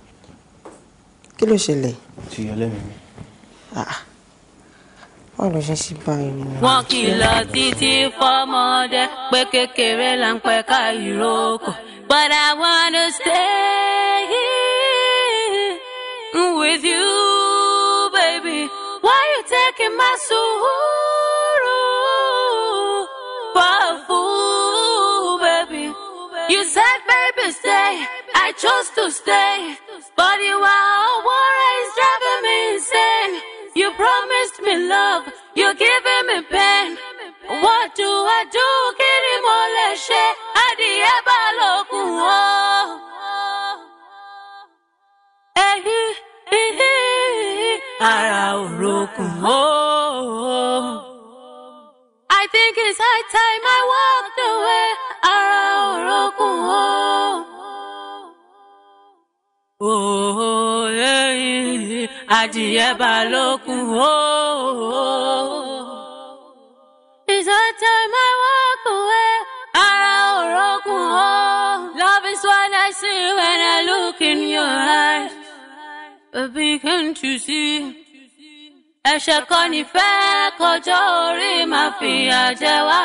kí ló ṣẹlẹ̀. ti yọ mi. Ah, báwo ló ṣe ṣe báyìí nínú. wọn kìlọ̀ títí fọmọdé pé kékeré là ń pẹ́ ká ìrókò but I wanna stay here with you baby why you taking my sùúrù for a fool baby you said baby stay. I chose to stay, but you are. You promised me love, you're giving me pain. What do I do? Kí ni adi lè ṣe? o. Ehi, ihi, ara uroku o. I think it's high time I walked away. Ara uroku o. Oh, yeah adìyẹ balógun o. ìsọtẹ mẹwàá kù ẹ ara òrókùn o. Love is what I see when I look in your eyes. Baby, can't you see? ẹ̀ṣẹ̀ kọ́ nífẹ̀ẹ́ kọjọ́ orí máa fìyà jẹ wá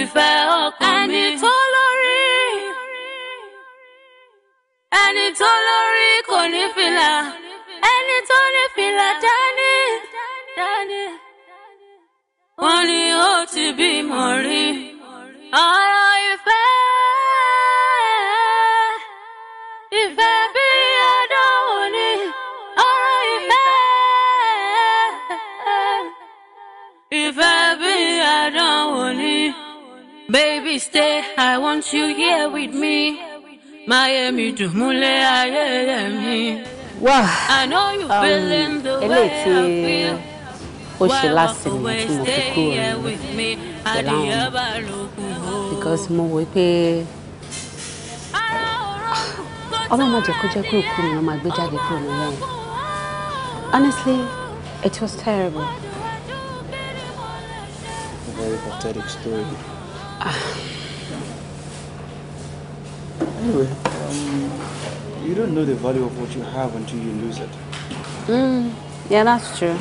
ìfẹ́ ọkàn mi. ẹni tó lórí ẹni tó lórí kò ní fìlà tó ní fìlà dání dání. wọ́n ní ó ti bímọ rí ọ̀rọ̀ ìfẹ́. ìfẹ́ bí adánwò ni ọ̀rọ̀ ìfẹ́. ìfẹ́ bí adánwò ni. Baby stay, I want you here with me. Miami dùn múlẹ̀ ayé mi wá um, eléyìí tí ó ṣe láti mi tí mo fi kúrò pẹ̀lú àwọn because mo wò pé ọlọ́mọ jẹ́ kó jẹ́ pé òkú mi ló máa gbé jáde kúrò nínú ẹ̀ honestly it was terrible. A very pathetic story. Ah. Anyway, um, you don't know the value of what you have until you lose it. Mm, yeah, that's true.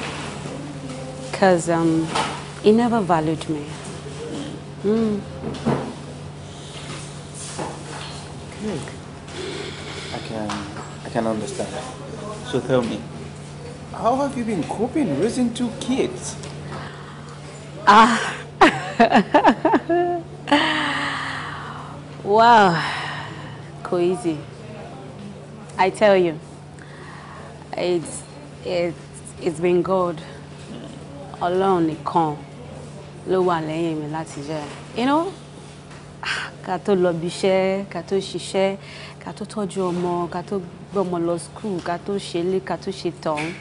Because um, he never valued me. Mm. Okay. I can, I can understand. So tell me, how have you been coping raising two kids? Ah. wow. Crazy. I tell you, it's, it's, it's been God. Ọlọ́run nìkan ló wà lẹ́yìn mi láti jẹ́. You know, ká tó lọ bí iṣẹ́, ká tó ṣiṣẹ́, ká tó tọ́jú ọmọ, ká tó gbọ́mọ lọ school, ká tó ṣẹlé, ká tó ṣe tọ̀hún.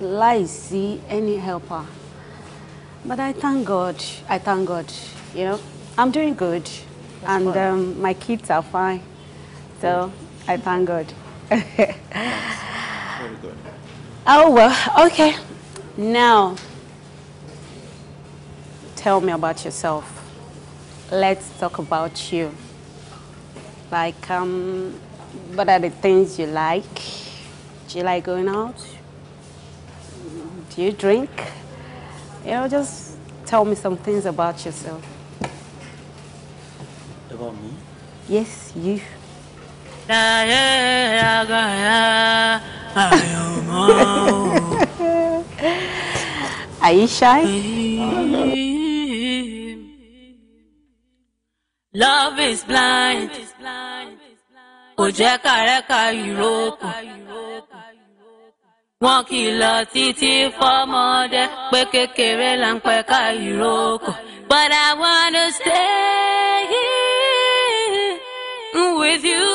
Láìsí any helper. But I thank God. I thank God. You know, I'm doing good. and um, my kids are fine. So. Good. I thank God. Very good. Oh, well, okay. Now, tell me about yourself. Let's talk about you. Like, um, what are the things you like? Do you like going out? Do you drink? You know, just tell me some things about yourself. About me? Yes, you. láyé agbára àyànmọ́ o. Are you shy? Love is blind. Kò jẹ́ kàrẹ́kà ìrókò. Wọ́n kìlọ̀ títí fọ́mọdé pé kékeré là ń pẹ́ ìrókò. But I wanna stay here with you.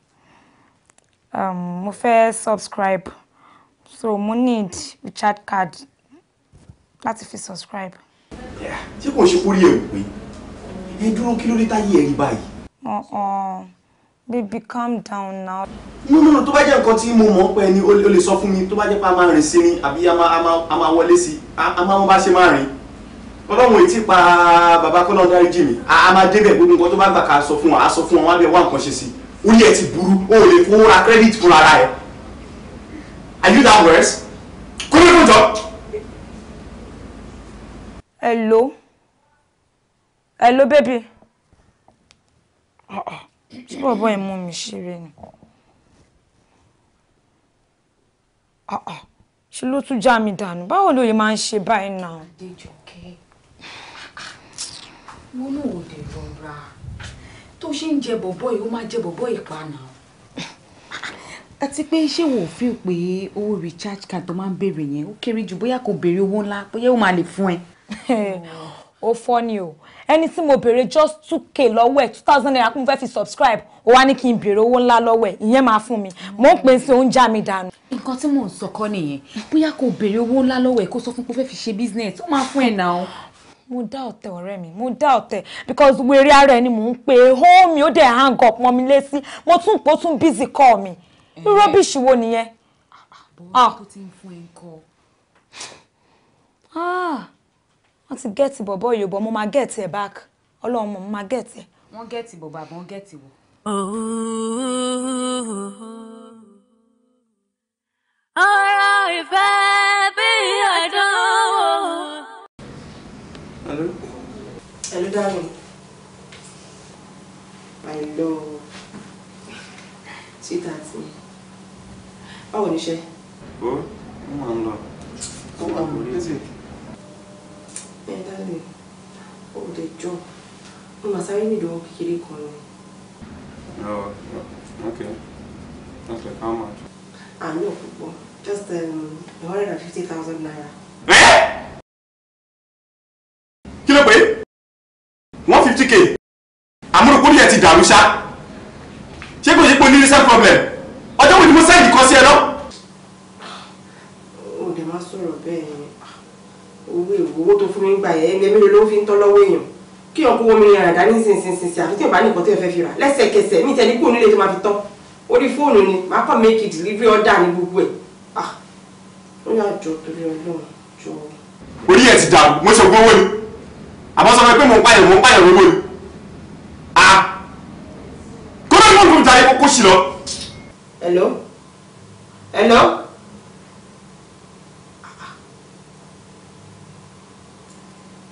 um, mo fẹ́ subscribe so mo need recharge card láti fi subscribe. ṣé kò ṣe kórìí ẹ̀rù pé ẹ dúró kí ló dé táyé ẹ̀rí báyìí. Uh-uh. baby calm down now. nínú tó bá jẹ́ nǹkan tí mo mọ̀ pé ni o lè sọ fún mi tó bá jẹ́ pé a máa rìn sí ni àbí a máa wọlé sí a máa wọ́n bá ṣe máa rìn ọlọ́run ètí pa bàbá kọ́lọ́ dáríjì mi a máa débẹ̀ gbogbo nǹkan tó bá gbà ká sọ fún wa a sọ fún wa wọn á bẹ̀ wá nǹkan ṣe sí i orí ẹ ti burú o ò lè fowó ra credit fún ara ẹ are you that worse kó lè fún jọ. hello hello baby tí ah, ah. bọ̀bọ̀ ẹ̀ mú mi ṣeré ni ah, ṣe ló tún já mi dànù báwo ló yẹ máa ń ṣe báyìí náà. adéjọkẹ́ wọnú òde rọra tó ṣe ń jẹ bọ̀bọ̀ yìí ó máa jẹ bọ̀bọ̀ yìí pa náà. àti pé ṣé wò ó fi pé owó recharge card tó máa ń béèrè yẹn ó kéré ju bóyá kò béèrè owó ńlá bóyá ó máa lè fún ẹ. ó fọ́ ni o ẹni tí mo béèrè just two k lọ́wọ́ ẹ̀ two thousand naira kún fẹ́ fi subscribe ó wá ní kí n béèrè owó ńlá lọ́wọ́ ẹ̀ ìyẹn máa fún mi mò ń pè sí oúnjẹ mi dànù. nǹkan tí mò ń sọ nìyẹn bóyá kò béèrè owó ńlá lọ́wọ́ ẹ̀ kó sọ fún pé fẹ́ fi ṣe business ó máa fún ẹ̀ náà mo dá ọ̀tẹ̀ ọ̀rẹ́ mi mo dá ọ̀tẹ̀ because wèrè ara ẹ ni mò ń pe home mi ó dẹ̀ hang up mọ́ mi lésì mo tún pò tún busy call mi eh. rubbish wo nìyẹn. àbúrò tó ti ah. ń fún ẹ ń kọ. Ah. wọ́n ti gẹ́ẹ̀tì bọ̀bọ̀ yòbọ̀ mo máa gẹ́ẹ̀tì ẹ̀ back ọlọ́run mo máa gẹ́ẹ̀tì ẹ̀. wọ́n gẹ́ẹ̀tì bọ̀bọ̀ àbọ̀ wọ́n gẹ́ẹ̀tì wọ̀. Oh, oh, oh, dànù my love sweet àti báwo ni iṣẹ́. ó ń wà ń lọ ó wà ń lọ sí. ẹ dálẹ̀ ó lè jọ mo mà sáré nídòwó kékeré kan ni. Oh, okay. That's like how much? I know, just um, 150,000 naira. fifty k àmúrò kórìí ẹ̀ ti dàrú ṣá ṣé kò yẹ kó ní research problem ọjọ́ wo ni mo sẹ́yìn kan sí ẹ lọ. o dẹ̀ máa sọ̀rọ̀ bẹ́ẹ̀ ni owó ìwòwò tó fún mi gbà yẹn ẹgbẹ́ mélòó ló fi ń tọ́ lọ́wọ́ èèyàn kí ọkọ omi rìn àdá ní sinsinsinsin àfi tí ò bá ní nǹkan tó yẹ fẹ́ fi rà lẹ́sẹ̀kẹsẹ̀ ní ìtẹ́lẹ̀ kúrò nílé tó máa fi tán orí fóònù ni màá kàn méjì delivery order ní gbogbo ẹ̀ ah ó yà jọ torí ọlọ́run jọ. orí ẹ̀ ti dàrú mo ṣe gbówó ni àmọ́ sọ pé mò ń pààyàn mò ń pààyàn owó ni à kódà ní mọ̀nkú ta ikú kó sì lọ. hello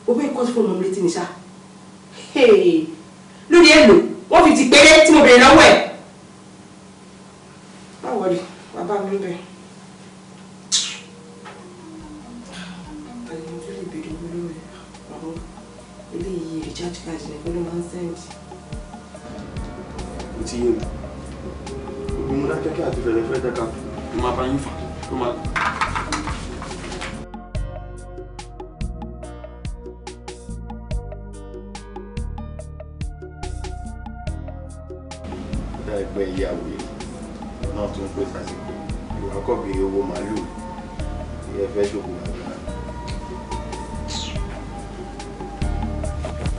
o owó ẹ̀kọ́ tó fọ́ọ̀mù létí ni ṣá lórí èlò wọ́n fi ti péré tí mo bèrè lọ́wọ́ ẹ̀. báwo ni bàbá mi ń bẹ̀rẹ̀. charge card nìkan ló máa send. o ti yé mi ògùn múnákẹ́kẹ́ àti fẹ̀rẹ̀fẹ̀rẹ̀ dẹ́ka ló máa bá ẹgbẹ́ ìyàwó náà tún pèsè àsìkò ìwà kọ̀bí owó màálù ìyẹ́fẹ́ ṣògùn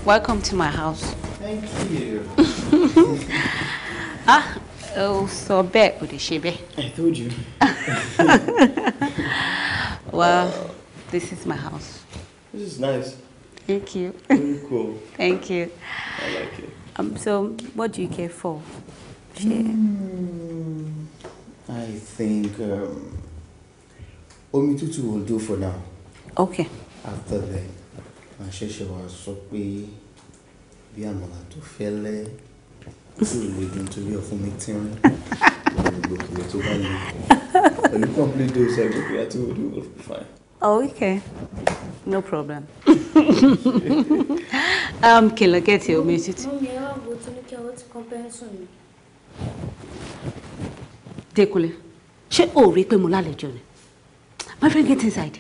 Welcome to my house. Thank you. ah, oh, so bad would it be? I told you. well, uh, this is my house. This is nice. Thank you. Very cool. Thank you. I like it. Um, so, what do you care for? Mm, I think um, omi will do for now. Okay. After that a ṣẹ̀ṣẹ̀ sọ pé bí àmàlà tó fẹ́lẹ́ tí ò lè dùn torí ọ̀fun mi ti rìn gbogbo tó bá yẹ pẹ̀lú complete dose ẹ̀gbọ́n àti odò fine. Oh, okay, no problem. um, kìlọ̀ kẹ́tì omi títí. Mọ́mí ẹ wá wo tó ní kí ọwọ́ ti kọ́ pẹ́ńsù mi. Dékunlé, ṣé o rí i pé mo lálejò ni? My friend, get inside.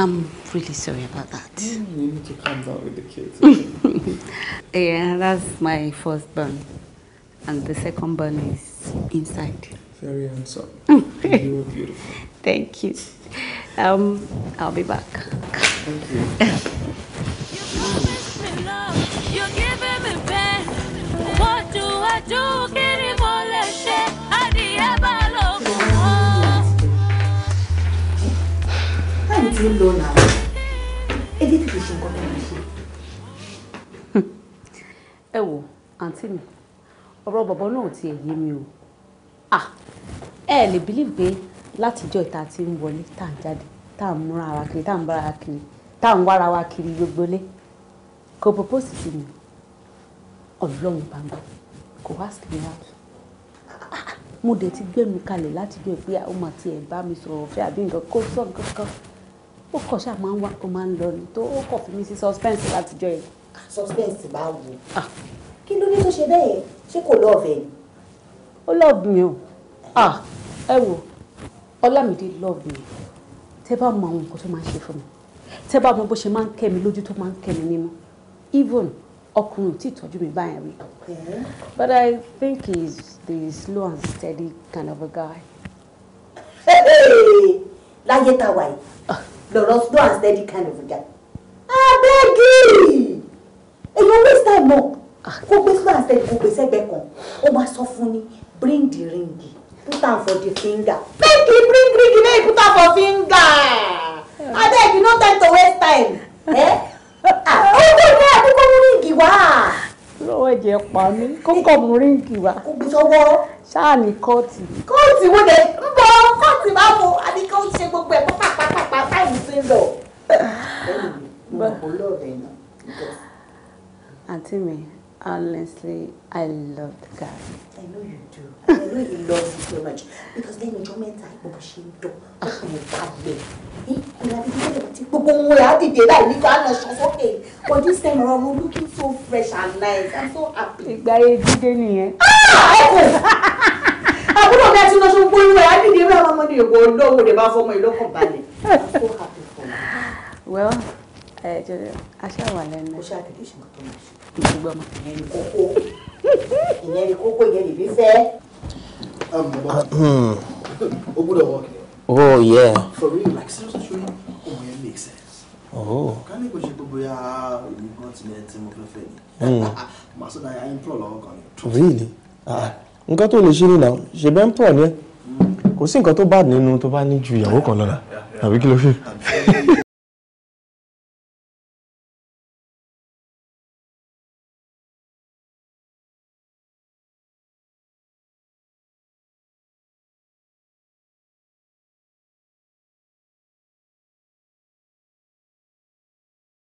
I'm really sorry about that. You need to calm down with the kids. Okay? yeah, that's my first burn. And the second burn is inside. Very handsome. you are beautiful. Thank you. Um, I'll be back. Thank you. ti ń lọ náà ẹdí tètè ṣe nǹkan tó ń ṣe. ẹ wo àǹtí mi ọ̀rọ̀ bọ̀bọ̀ náà ò tiẹ̀ yé mi o ẹ lè bílíì pé látijọ́ ìta ti ń wọlé tá à ń jáde tá à ń múra ara kiri tá à ń bára wa kiri tá à ń wára wa kiri gbogbo lé kò propose sí mi ọlọ́run gbàgbọ́ kò wá sí mi out ah, ah, mo dẹ̀ ti gbẹ́nu kalẹ̀ látijọ́ ìpé àwọn àti ẹ̀ bá mi sọ̀rọ̀ ọ̀fẹ́ àbí nǹkan kó sọ̀ kankan ó kọ ṣáà máa ń wá tó máa ń lọ ni tó ó kọ fún mi sí suspense látijọ́ yìí. suspense bá wù. Ah. kí ló ní tó ṣe bẹ́ẹ̀ yẹn ṣé kò lọ́ọ̀fẹ́ ni. ó lọ́ọ̀bù mi o ah, ẹ wo ọlámídé lọ́ọ̀bù mi tẹ bá mọ àwọn nǹkan tó máa ń ṣe fún mi tẹ bá mọ bó ṣe máa ń kẹ́ mi lójú tó máa ń kẹ́ mi nínú even ọkùnrin tí ìtọ́jú mi bá yẹn rí but I think he is the slow and steady kind of a guy. láyé tá a wà yìí. Ah the rough, slow and steady kind of guy. abegi èèyàn waste time náà kó gbé slow and steady kó gbé sẹ́gbẹ̀ẹ́ kan ó máa sọ fún bring the ringy, put down for the finger bring the bring ring make put down for finger abeg ah, no time to waste time. Eh? Ah, ó gbé ní go mú ríǹgì wá. lọ́wọ́ ẹ̀jẹ̀ pa mí kókò mú ríǹgì wá. kò bí sọ́wọ́. ṣáà ní kóòtù. kóòtù wo de ń bọ kóòtù máa mú àbíkẹ́ ó ṣe gbogbo ẹ̀ pápá tailor àǹtí mi honestly i love the guy. i know you do i know you love him so much because lẹ́nu ọjọ́ mẹ́ta ìbọ̀bọ̀ ṣe ń dọ̀ ọkùnrin balẹ̀ ìlànà ìdílé ti gbogbo ohun rẹ̀ á dìde láì ní ká lọ ṣan sókè but this time around we're looking so fresh and nice i'm so happy. ìgbà yẹn dídé nìyẹn. Ah! àbúrò mi àti ìnáṣọ gbóyún rẹ̀ á dìde rẹ̀ ọmọdé ìwọ olówó rẹ̀ máa fọmọ ìlọ́kàn balẹ̀ i'm so happy well ẹ jẹ aṣẹ wà lẹ́nu. o ṣe àtẹ̀lé ìṣẹ̀mọ̀ tó máa ṣe. ìgbọ́ ma. ìyẹn ni kókó ìyẹn ni kókó ìyẹn hmm. oh yeah. for real like seriously it makes sense. Oh. Can you ṣe pé bóyá èmi gan ti lẹ́yìn tí mo fẹ́ fẹ́ ni. Hmm. Ah, ah, ah, màá sọ náà ayé ń pọ̀ lọ́wọ́ kan ni. really nǹkan tó lè ṣe nínú ṣe bẹ́ẹ̀ ń pọ̀ ni hmm. kò sí nǹkan tó bad nínú tó bá ní ju ìyàwó kan lọ́la àbí kí ló fi.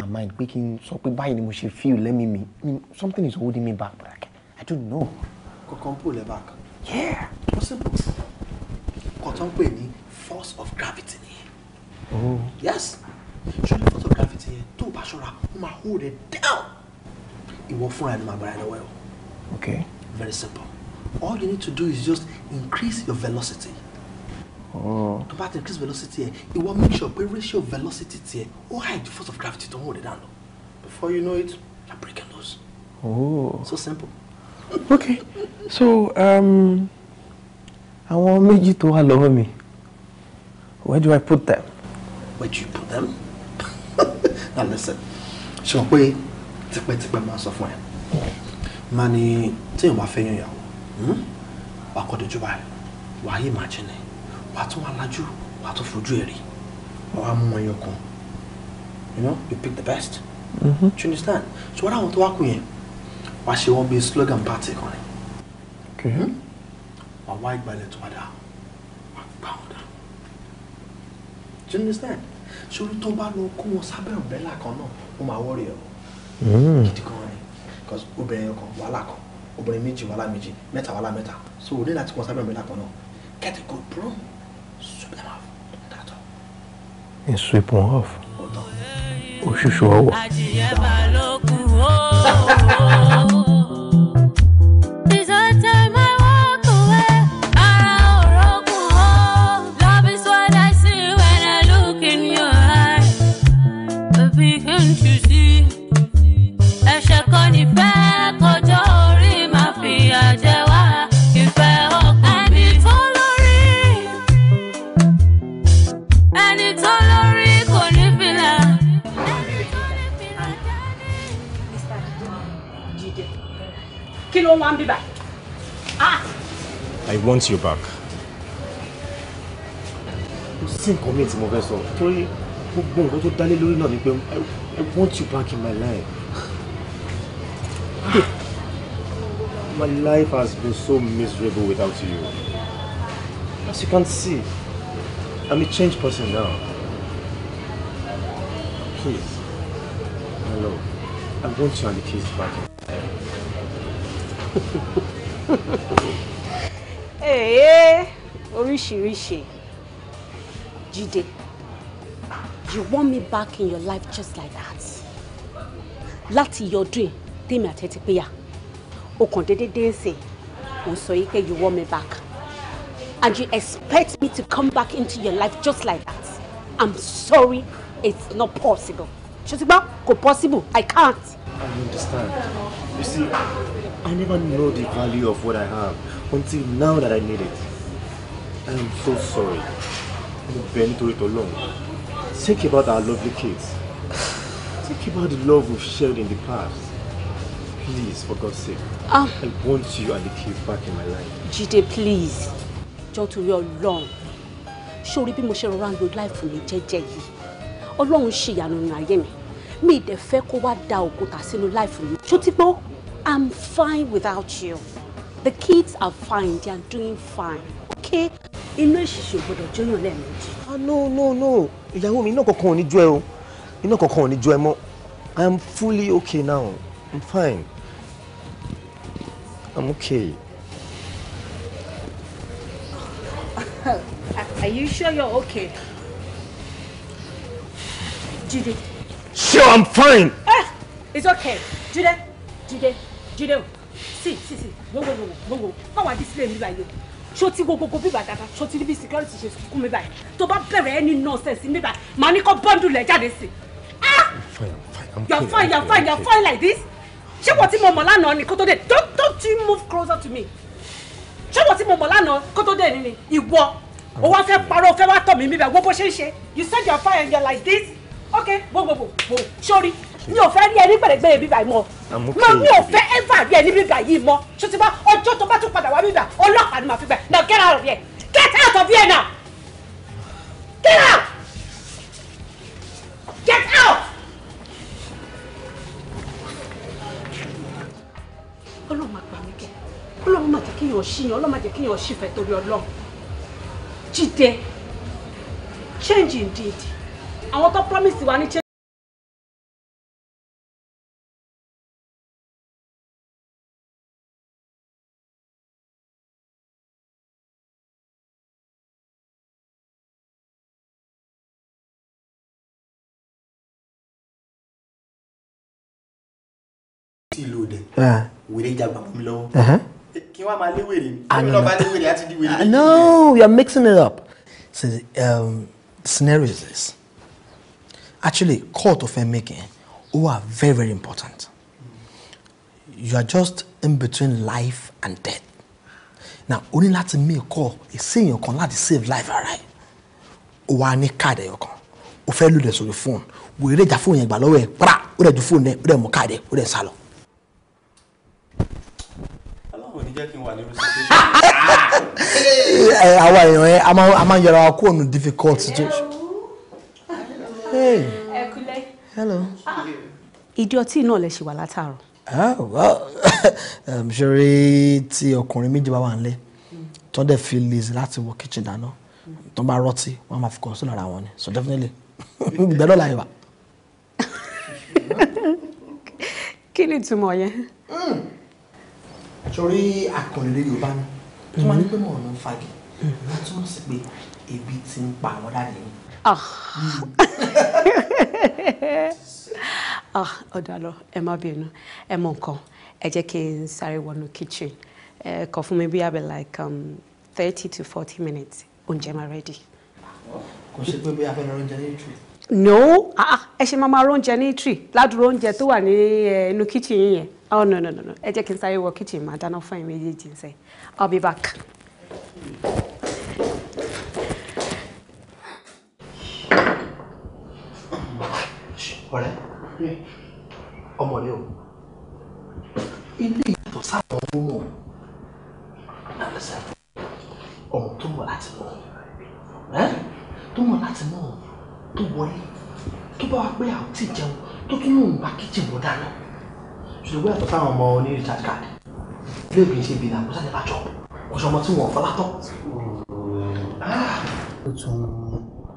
mind pé kí n sọ pé báyìí ni mo ṣe feel lẹ́mí mi something is holding me back but like, I don't know. kọ̀kan pull ẹ̀ back. yeah. ó simple kọ̀tán pè ní force of gravity nìyẹn. Oh. yes ṣùgbọ́n force of gravity yẹn tó o bá ṣọ́ra ó máa hold it down. ìwọ fúnra ẹni máa gbára ẹni wẹ̀ o. okay. very simple all you need to do is just increase your velocity. Oh. tó bá ti increase velocity ẹ ìwọ make sure pé ratio velocity tiẹ ó high the force of gravity tó ń wòde dànù before you know it na breaking and Oh. so simple. okay so um, àwọn méjì tó wà lọ́wọ́ mi where do I put them. where do you put them? now listen ṣe wọ́n pé tipẹ́tipẹ́ máa sọ fún ẹ máa ní tí èèyàn bá fẹ́ yan ìyàwó hmm, wàá kọ́ dojú báyìí wàá yìí máa jẹ́ nìyí wàá tún wà lájú wàá tún fojú ẹ̀ rí wàá wá mú wọn kan you know you pick the best mm -hmm. do you understand so wọ́n àwọn tó wá kù yẹn wàá ṣe wọ́n bíi slogan party kan ni hmm? wàá wá ìgbàlẹ̀ tó wà dáa wàá gbà wọn dáa do you understand So sórí tó bá lọ kó wọn sábẹ́ ọ̀bẹ́là kan náà wọ́n máa wọ́ọ̀rì ẹ̀ o mm. gidi kan ni because obìnrin kan wàhálà kan obìnrin méjì wàhálà méjì mẹ́ta wàhálà mẹ́ta so òní láti kó wọn sábẹ́ ọ̀bẹ́là kan náà get a good bro and sweep one off. Oṣooṣù oh, oh. oh, ọwọ́. ló want wá back. Ah! I want you back. Kò sí nǹkan míì tí mo fẹ́ sọ torí gbogbo nǹkan tó I want you back in my life. Ah! My life has been so miserable without you. As you can see, I'm a changed person now. Please, my love, I want you and the kids back. Èé oríṣiríṣi. Jide, you want me back in your life just like that? Láti yọdún tèmi àtẹ́tí péyà, o kàn déédéé dé ṣe, ò ń sọ yìí you want me back. And you expect me to come back into your life just like that? I'm sorry, it's not possible. Ṣé o possible, I can't. I understand. You see, I never know the value of what I have until now that I need it. I am so sorry. I've been through it alone. Think about our lovely kids. Think about the love we've shared in the past. Please, for God's sake. Um, I want you and the kids back in my life. Jide, please. Jọ̀ọ́ torí Ọlọ́run. Ṣorí bí mo ṣe share ń lo life for mi jẹ́jẹ́ yìí. Ọlọ́run ṣèyànú ní ayé mi. Mi ìdẹ̀ fẹ́ kó wá da òkúta sínú life for you. Ṣó ti gbọ́? I'm fine without you. The kids are fine. They are doing fine. Okay? Iná ìṣìṣẹ́ gbọ́dọ̀ jóyàn lẹ́ẹ̀mejì. Ah no no no. Ìyàwó mi iná kankan ò ní jó ẹ o. Iná kankan ò ní jó ẹ mọ́. I am fully okay now. I'm fine. I'm okay. Are you sure you're okay? Jide. Sure, I'm fine. Ah, it's okay. Jide, Jide, Jide o, si go. si, gbogbo gbogbo gbogbo, má wá display mi báyìí o. Ṣó go gbogbogbò bí bàtà kan, ṣó ti níbi security ṣe kú me by. To bá bẹ̀rẹ̀ any nonsense mi báyìí, màá ní kó bọ́ndù lẹ̀ jáde sí. You're ah! fine, you're fine, you're fine like this. Ṣé what you mọ̀ mọ̀ lánàá ni kó de. Don't don't you move closer to me. Ṣé what you mọ̀ mọ̀ lánàá kó tó dé ni ni? Ìwọ o wá fẹ́ parọ́ o fẹ́ wá tọ̀ mí mi báyìí, wo bó ṣe ń You said you're fine and you're like this. Okay, go, go, go, go. Shorty mi ò fẹ́ rí ẹni gbẹ̀rẹ̀gbẹ̀rẹ̀ bíbá yìí mọ́ mọ mi ò fẹ́ ever rí ẹni bíbá yìí mọ́ ṣùtì bá ọjọ́ tó bá tún padà wá bíbá ọlọ́pàá ni màá fi gbà now get out of here get out of here now get out get out. ọlọ́run máa gbà mí kẹ́ ọlọ́run máa jẹ́ kí yàn ṣí yàn ọlọ́run máa jẹ́ kí yàn ṣí fẹ́ torí ọlọ́run jíde change indeed àwọn tó promise wa ní change. dẹ̀ ah. wèrè jàgbà mọ́ mi lọ́wọ́ kí wọ́n máa lé wèrè mi lọ́ba lé wèrè àti di wèrè. no you are mixing it up so the um, scenario is this actually court of making who are very very important you are just in between life and death now o ní láti make call ìséèyàn kan láti save life ara ẹ o wa ní káàdì ẹyọ kan o fẹ́ lù dẹ̀ sórí fóònù wò eré ìjà fóònù yẹn gbà lọ́wọ́ ẹ̀ pàrà ó dẹ̀ ju fóònù ẹ̀ ó dẹ̀ mú káàdì ó dẹ̀ sá ọlọ́run ò ní jẹ́ kí situation. Eh, àwa èèyàn ẹ a máa ń yọra wa kúrò ní difficult situation. ẹ kúlẹ̀. hello. Ah, ìdí ọtí náà lè ṣì wà látàárọ̀. Ah, um, ṣe rí tí ọkùnrin méjì bá wà ń lé tó dẹ̀ fi lazy láti wọ kitchen dáná tó bá rọtí wọn máa fi kọ sínú ara wọn ni so definitely gbẹdọ láyé wa. kí ni ìtumọ̀ yẹn. Hmm sórí akọ̀lélé yorùbá ni tó máa ní pé mọ̀ ọ̀nà fagi mm-hmm. wọ́n túmọ̀ sí pé ebi ti ń pa àwọn dáadé mi. Ah. Ah, ọ̀dà lọ ẹ má bínú ẹ mọ nǹkan ẹ jẹ́ kí n sáré wọnú kitchen ẹ kọ fún mi bí abẹ like um, thirty to forty minutes oúnjẹ máa ready. kò ṣe pé bí abẹ́rẹ́ oúnjẹ ní ìtù no ah, ah, ẹ ṣe máa máa róúnjẹ ní tree ládùúró oúnjẹ tó wà ní eh, kitchen yìí yẹn oh no no no no. ẹ jẹ́ kí n sáré wọ kitchen máa dáná fún ẹ̀yin méjèèjì nsẹ́ I'll be back. ọ̀rẹ́ ọmọ ni o ilé ìtọ̀ sáwọn ọmọ mọ̀ ọmọ tó mọ̀ láti mọ̀ tó mọ̀ láti mọ̀ tó wọlé tó bá wá pé àti jẹun tó tún lòun bá kíjì wọ dáná ṣùgbọ́n yàtọ̀ sáwọn ọmọ oní recharge card ilé ìgbín ṣe bìnnà kó sáré bá jọ kò sọmọ tí wọn fọlá tọ. Ah! ó tún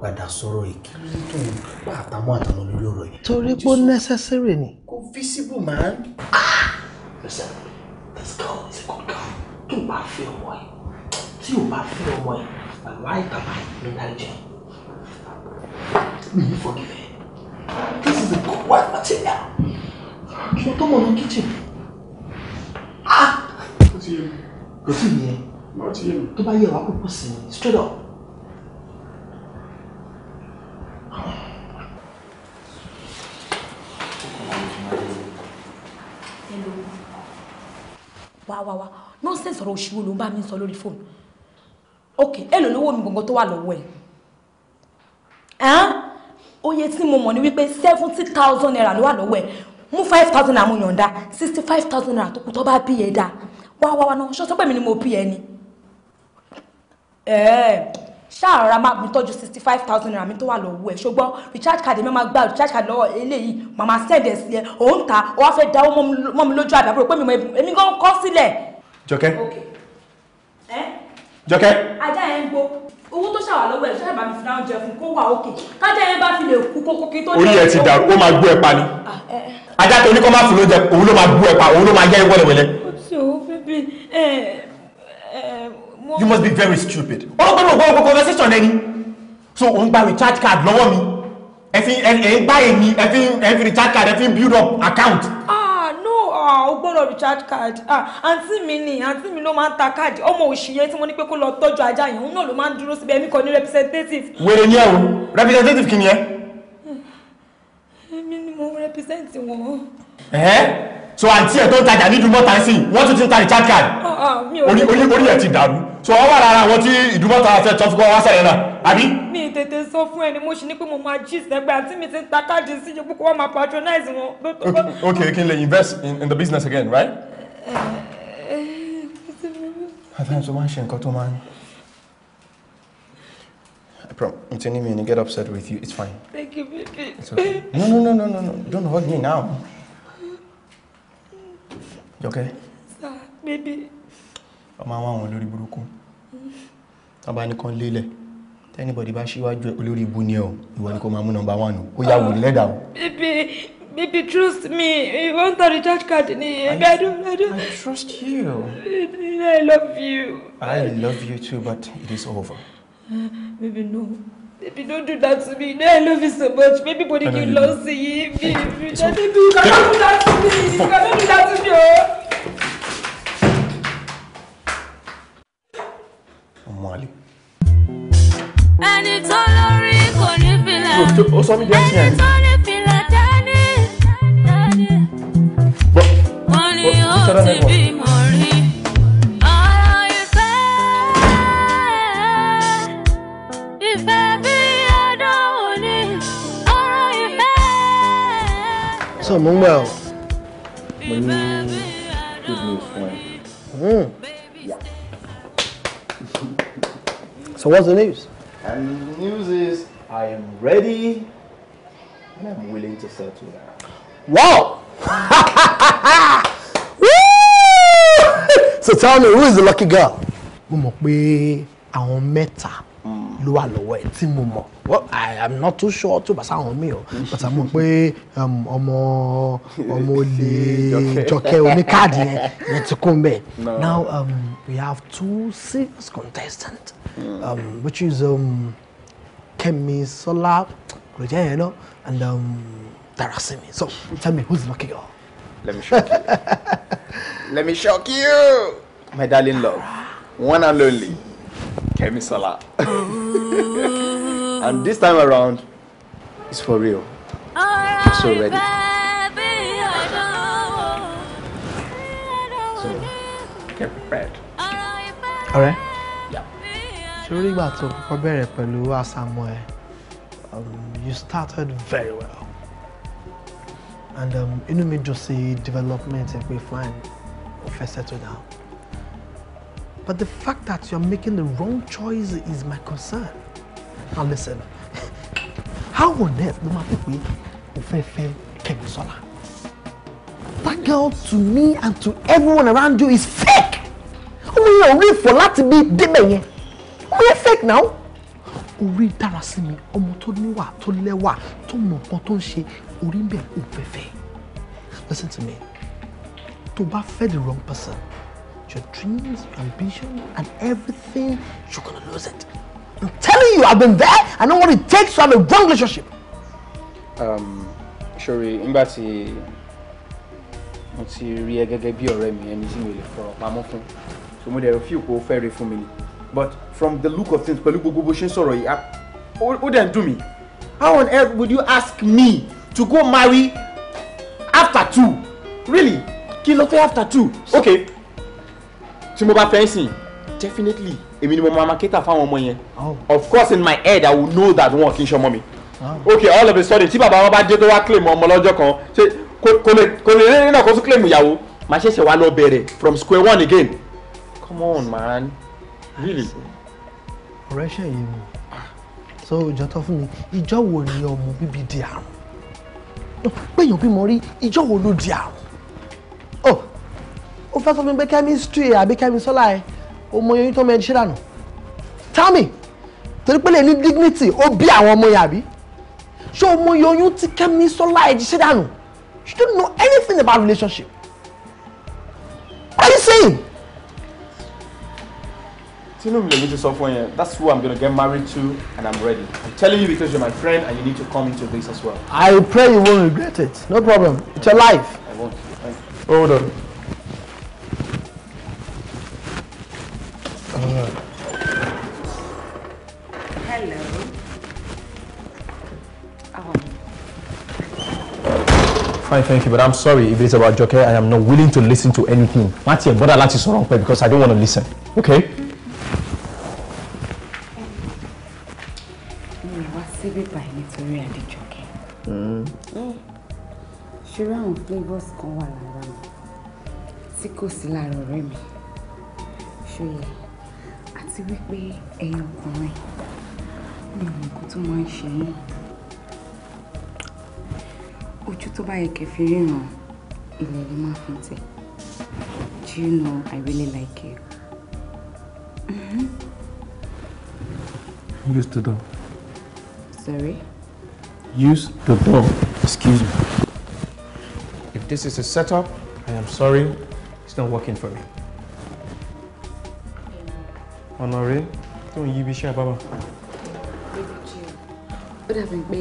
padà sọ̀rọ̀ èké tó ń pa àtàwọn àtàwọn olórí ọ̀rọ̀ yìí. torí pé ó necessary ni. kò visible man. Ah! listen this girl is a good girl tó o bá fẹ́ ọmọ yìí tí o bá fẹ́ ọmọ yìí wàá láì tàbí jẹun. May you forgive me. This is the good wife material. Mo tọ́ mọ̀ ní kitchen. Kò sí yé mi. Kò sí yé mi. Kò sí yé mi. Tó bá yẹ wàá kókó sí straight up. Wá Wow, wow, nonsense No òṣìwò ló ń bá mi sọ lórí fóònù. Ok, èlò lówó mi gbọ̀ngàn to wà lọ́wọ́ ẹ̀ oye tí mo mọ̀ ni wípé seventy thousand naira ló wà lọ́wọ́ ẹ̀ mú five thousand naira mo yọ̀ǹda sixty five thousand naira tó kù tó bá bí ẹ dáa wá wá wá náà ṣọ́sọ́ pé mi ni mo bí ẹ ni ṣáàrà máa mi tọ́jú sixty five thousand naira mi tó wà lọ́wọ́ ẹ̀ ṣùgbọ́n recharge card mi máa gba recharge card lọ́wọ́ eléyìí màmá send ẹ̀ sí ẹ òun ta ọ wá fẹ́ dáwọ́ mọ́ mi lójú àbí àbúrò pé mi mọ èmi gan kọ́ sílẹ̀. jọkẹ́ jọkẹ́. ajá ẹ̀ ń gbó owó tó ṣàwà ẹ̀ ṣáà bá mi náà jẹ fún kó wà òkè kájẹ́ yẹn bá fi lè kú kókó kí tó. orí ẹ ti dàrú ó máa gbó ah, ẹ pa ni ajá tó ní kó má fi ló òun ló máa gbó ẹ pa òun ló máa yá ẹ wẹlẹwẹlẹ. you must be very stupid. olùkọ́ni ògbọ́n ògbọ́n conversation ẹni so òun gba recharge card lọ́wọ́ mi ẹ fi ẹ gbá èmi ẹ fi recharge card ẹ fi build up account. Ah ó gbọ́dọ̀ recharge card ah, àǹtí mi ni àǹtí mi ló máa ń ta káàdì ọmọ òṣì tí mo ní pé kó lọ tọ́jú ajá yẹn òun náà ló máa ń dúró síbẹ̀ èmi kọ́ ní representative. wèrè ni ẹ o representative kí ni ẹ. èmi ni mo represent wọn. ẹ̀ẹ́ so àǹtí ẹ̀ tó ń tajà ní ìdúmọ̀tà sí wọ́n tún ti ń ta recharge card ah, ah, orí orí orí ẹ̀ ti dàrú so wọ́n wà lára àwọn tí ìdúmọ̀tà fẹ́ tọ́ fún wọn wá sẹ̀yìn náà àbí. mi tètè sọ fún ẹ ni mo ṣe ní pé mo máa jí ìsẹgbẹ àti mi ti ń ta káàdì sí ìjọba kó wọn máa patronize wọn. okay kí n lè invest in, in the business again right. Eh, eh, at times o máa ń ṣe nǹkan tó máa ń. I promise. I'm telling you, and you get upset with you. It's fine. Thank you, baby. It's okay. No, no, no, no, no, no. Don't hug me now jọkẹ́ ọmọ àwọn àwọn olórí burúkú tọba nìkan lélẹ̀ tẹ́nibọ̀dì bá ṣíwájú olórí ibu ni ọ ìwọ ni kò máa mú nọmba wánù ó yà lẹ́dà o. baby baby trust me you want to recharge card ni ebi i don't i don't. i trust you. i love you. i love you too but it is over. Uh, baby no. Baby, don't do that to me. No, I love you so much. Baby, body you lost see you. Baby, baby, you cannot do that to me. You cannot do that to me. Oh. Ọmọ àlè. Ẹni tó lórí kò ní fìlà. Ó sọ mí di ẹ̀sìn Oh, Ẹni tó ní fìlà dání. Wọ́n ní ó ti sàn mú gbà o. mo good news fún ẹ. So what's the news? And the news is I am ready and I'm willing to settle down. Wow! So tell me, who is the lucky girl? Mo mọ̀ pé àwọn ló wà lọ́wọ́ ẹ̀ tí mo mọ̀ i am not too sure tó bá sáwọn mi o but àmọ́ pé um, ọmọ ọmọ olè jọkẹ́ oníkáàdì yẹn yẹn ti kún bẹ́ẹ̀ now um, we have two serious contestants um, which is um, Kemi Sola Roger you know, and um, Darasimi so tell me who's lucky girl. let me shock you let me shock you my darling love one and only Kemi Sola. and this time around, it's for real. I'm so ready. So, get prepared. All right. Yeah. Ṣorí ìgbà tó kọ́kọ́ bẹ̀rẹ̀ pẹ̀lú àsàmọ́ ẹ̀, um, you started very well. And um, inú mi dùn sí development ẹ̀ pé fine, ó fẹ́ settle down. But the fact that you are making the wrong choice is my concern. Now listen, how on earth do máa fi pé o fẹ́ fẹ́ That girl to me and to everyone around you is fake. Ọmọ yẹn ò rí ìfọ̀ láti bí débẹ̀ yẹn. Ọmọ yẹn fake now. Orí dára sí mi, ọmọ tó níwà, tó lẹ́wà, tó mọ nǹkan tó ń ṣe, orí ń bẹ̀ ò Listen to me, To bá fẹ́ the wrong person, your dreams, your ambition and everything, you're gonna lose it. I'm telling you, I've been there. I know what it takes to have a wrong relationship. Um, sorry, nígbà tí mo ti rí ẹ gẹ́gẹ́ bí ọ̀rẹ́ mi ẹni tí mo lè fọ̀rọ̀ pamọ́ fún so mo dẹ̀ fi òkú fẹ́ rí fún mi ni but from the look of things pẹ̀lú gbogbo bó ṣe ń sọ̀rọ̀ yìí ó dẹ̀ ń dùn mí how on earth would you ask me to go marry after two really kí ló fẹ́ after two okay tí mo bá fẹ́ sìn definitely èmi ni mo máa cater fáwọn ọmọ yẹn oh. of course in my head i will know that one. kì í ṣọmọ mi oh. ok all of a sudden tí bàbá wọn bá dé tó wá claim ọmọ lọ́jọ́ kan ṣe kò lè kò lè lẹ́yìn náà kó tún claim ìyàwó màá ṣẹ̀ṣẹ̀ wá lọ bẹ̀rẹ̀ from square one again come on man really. ọ̀rẹ́ ṣe yìí mi so ìjọ tó fún mi ìjọ wo ni ọmọ bíbí di àrùn pé èèyàn bímọ rí ìjọ wo ló di àrùn ó oh, fẹ́ sọ fún mi pé chemistry àbí chemisola ẹ̀ ọmọ yẹn tó mọ ẹni ṣe dànù tami torí pé lè ní dignity ó bí àwọn ọmọ yẹn àbí ṣé ọmọ yẹn oyún ti kẹ́mi sọ́lá ẹ̀jẹ̀ ṣe dànù you don't know anything about relationship what are you saying. Tinubu Lemi ti sọ fún yẹn that's who I'm gonna get married to and I'm ready I'm telling you because you're my friend and you need to come into this as well. I pray you won't regret it no problem it's your life. I won't. Hold on. Hello. Um. Fine, thank you, but I'm sorry if it's about Joke. I am not willing to listen to anything. Mati and brother Lati is wrong because I don't want to listen. Okay? Mi wá síbí báyìí nítorí Adéjọkẹ́. Hmm. Hmm. Ṣeré àwọn flavours kan wà lára mi àti wípé ẹ̀yin ọkùnrin mi ò nǹkan tó máa ń ṣe yín ojú tó bá yẹ kẹfì ríran ilẹ̀ lè má fi tẹ̀ do you know I really like you. Mm-hmm. Use the door. Sorry? Use the door. Excuse me. If this is a setup, I am sorry. It's not working for me ọ̀nà rẹ tó ń yí ibi iṣẹ́ àbábà. ó dàbí pé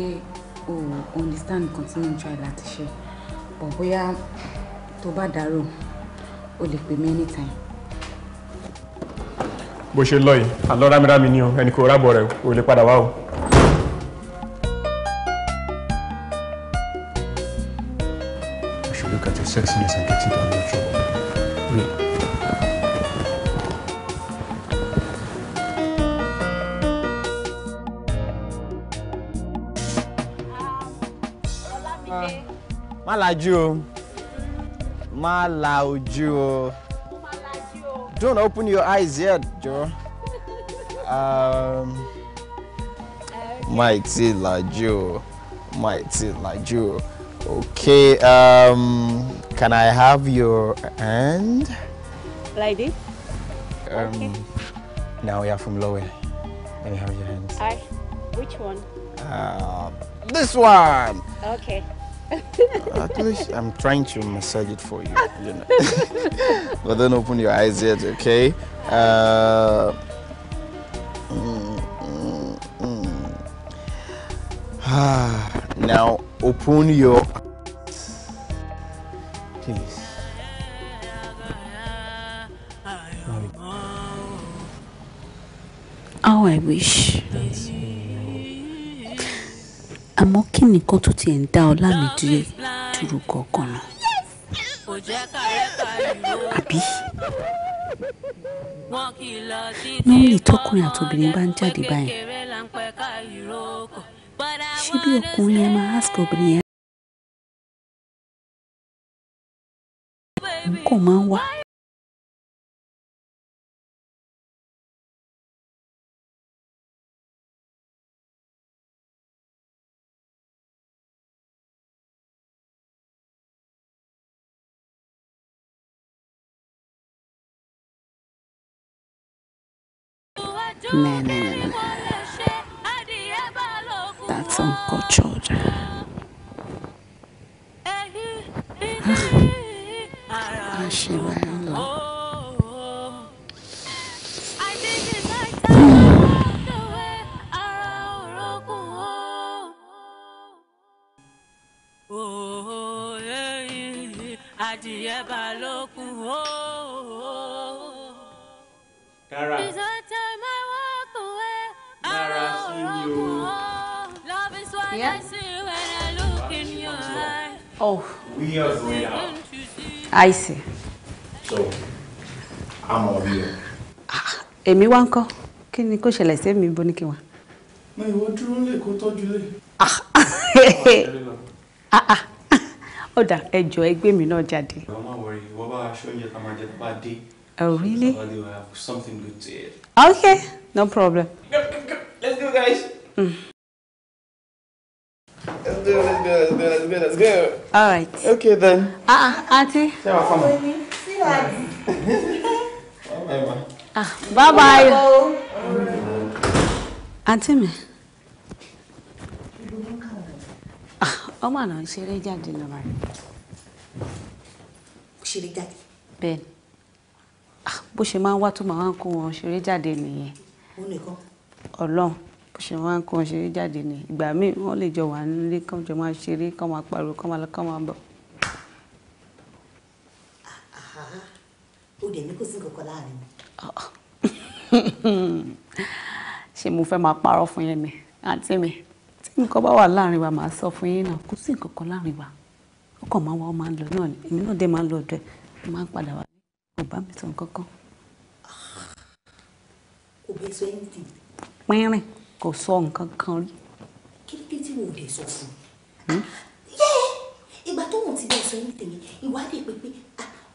o understand nǹkan tí mo ń try láti ṣe bọ̀ bóyá tó bá dárò o lè pè mí anytime. bó ṣe lọ yìí àlọ́ rámírámí ni o ẹnì kò rábọ̀ rẹ̀ o lè padà wá o. Look at your sexiness. lajú o má la ojú o don't open your eyes yet jọ má ti lajú o má ti o okay um, can I have your hand. lady? Um, okay. Now we are from lower. Let me have your hand. I, which one? Uh, this one. Okay. At least I'm trying to massage it for you. you know. but don't open your eyes yet, okay? Uh, mm, mm, mm. now open your please. How oh, I wish. Yes. àmọ́ kí nìkan tó tiẹ̀ ń dá Ọlámídé dúró kọ̀ọ̀kan náà àbí lórí ìtọ́kùnrin àtòbìnrin bá ń jáde báyìí ṣé bí ọkùnrin yẹn máa ask obìnrin yẹn nǹkan máa ń wá. No, no, no, no. That's uncultured. Adìyẹ balókun ooo. Dara yín o. Oh. We are going out. I see. So, I'm all here. Ah, èmi wá ńkọ́. Kí ni kò se mi bo ni kí wá. Na ìwọ dúró nle kó tọ́jú le. Ah, ah. Ah ah. Oda, dà ẹjọ́ ẹgbẹ́ mi náà jáde. Mama worry, wo ba aṣọ yẹ ká ma jẹ bá dé. Oh really? something good to eat. Okay, no problem. No, no, no you guys. Mm. Let's do it, let's do it, let's do it, let's go. All right. Okay then. Uh-uh, ah, uh, auntie. See you, come. See you, auntie. Ah, bye bye. Auntie me. Ah, ọmọ àná ṣeré jáde lọ báyìí. Ṣeré jáde? Ben. Ah, but she máa ń wá tó máa ń kó wọn ṣeré jáde nìyẹn. Ó nìkan ṣe máa ń kàn ṣeré jáde ni ìgbà míì wọ́n lè jọ wà nílé kàn jọ máa ṣeré kàn máa pariwo kàn máa lọ kàn máa bọ̀. ó dẹ̀ ní kò sí kankan láàrin mi. ṣé mo fẹ́ máa parọ́ fún yín ni àǹtí mi tí nǹkan bá wà láàrin wa màá sọ fún yín náà kò sí nǹkan kan láàrin wa ọkọ̀ máa wá ọ máa ń lọ náà ni èmi náà dẹ̀ máa lọ ọ̀dọ̀ ẹ̀ máa ń padà wá kò bá mi sọ nǹkan kò bẹ́ẹ̀ sọ anything. pínrín kò sọ nǹkan kan rí. kí ló dé tí wọn ò lè sọ fún un. Hmm? yé ìgbà tó wọn ti bẹ sọ ní tèmi ìwádìí pé pé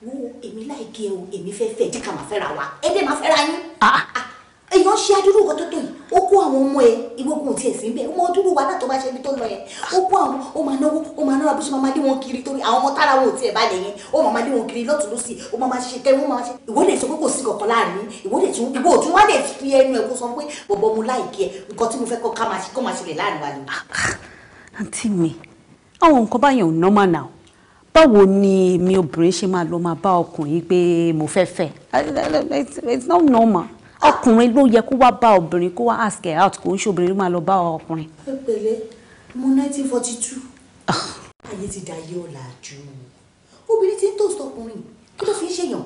wo èmi láì gé o èmi fẹ́ fẹ́ díkà máa fẹ́ra wa ẹ dé máa fẹ́ra yín. Ah! Ah! èèyàn ṣe adúrú nǹkan tó tó yìí ó kó àwọn ọmọ ẹ ìwógun tiẹ̀ sí bẹ́ẹ̀ ọmọ dúró wa náà tó bá ṣe ibi tó lọ yẹn ó kó àwọn ó máa náwó ó máa náwó abúṣe máa dé wọn kiri torí àwọn ọmọ tára wọn ò tiẹ̀ balẹ̀ yẹn ó máa dé wọn kiri lọ́tún lọ́sì ó máa ṣe tẹ́ wọ́n máa ṣe ìwọ lè sọ pé kò sí kankan láàrin ìwọ lè tún ìwọ òtún wá lè fi ẹnu ẹ kó sọ pé bọ̀bọ̀ mu láìkí normal now báwo ni mi obìnrin ṣe máa lọ máa bá ọkùnrin pé mo fẹ́ fẹ́ it's not normal ọkùnrin ló yẹ kó wá bá obìnrin kó wá ask her out kó ń ṣobìnrin ló máa lọ bá ọkùnrin. ẹ pẹ̀lẹ́ mo nineteen forty two ah. ayé ti da ayé ọ̀làjú obìnrin ti ń tòṣì ọkùnrin kí ló fi ń ṣèyàn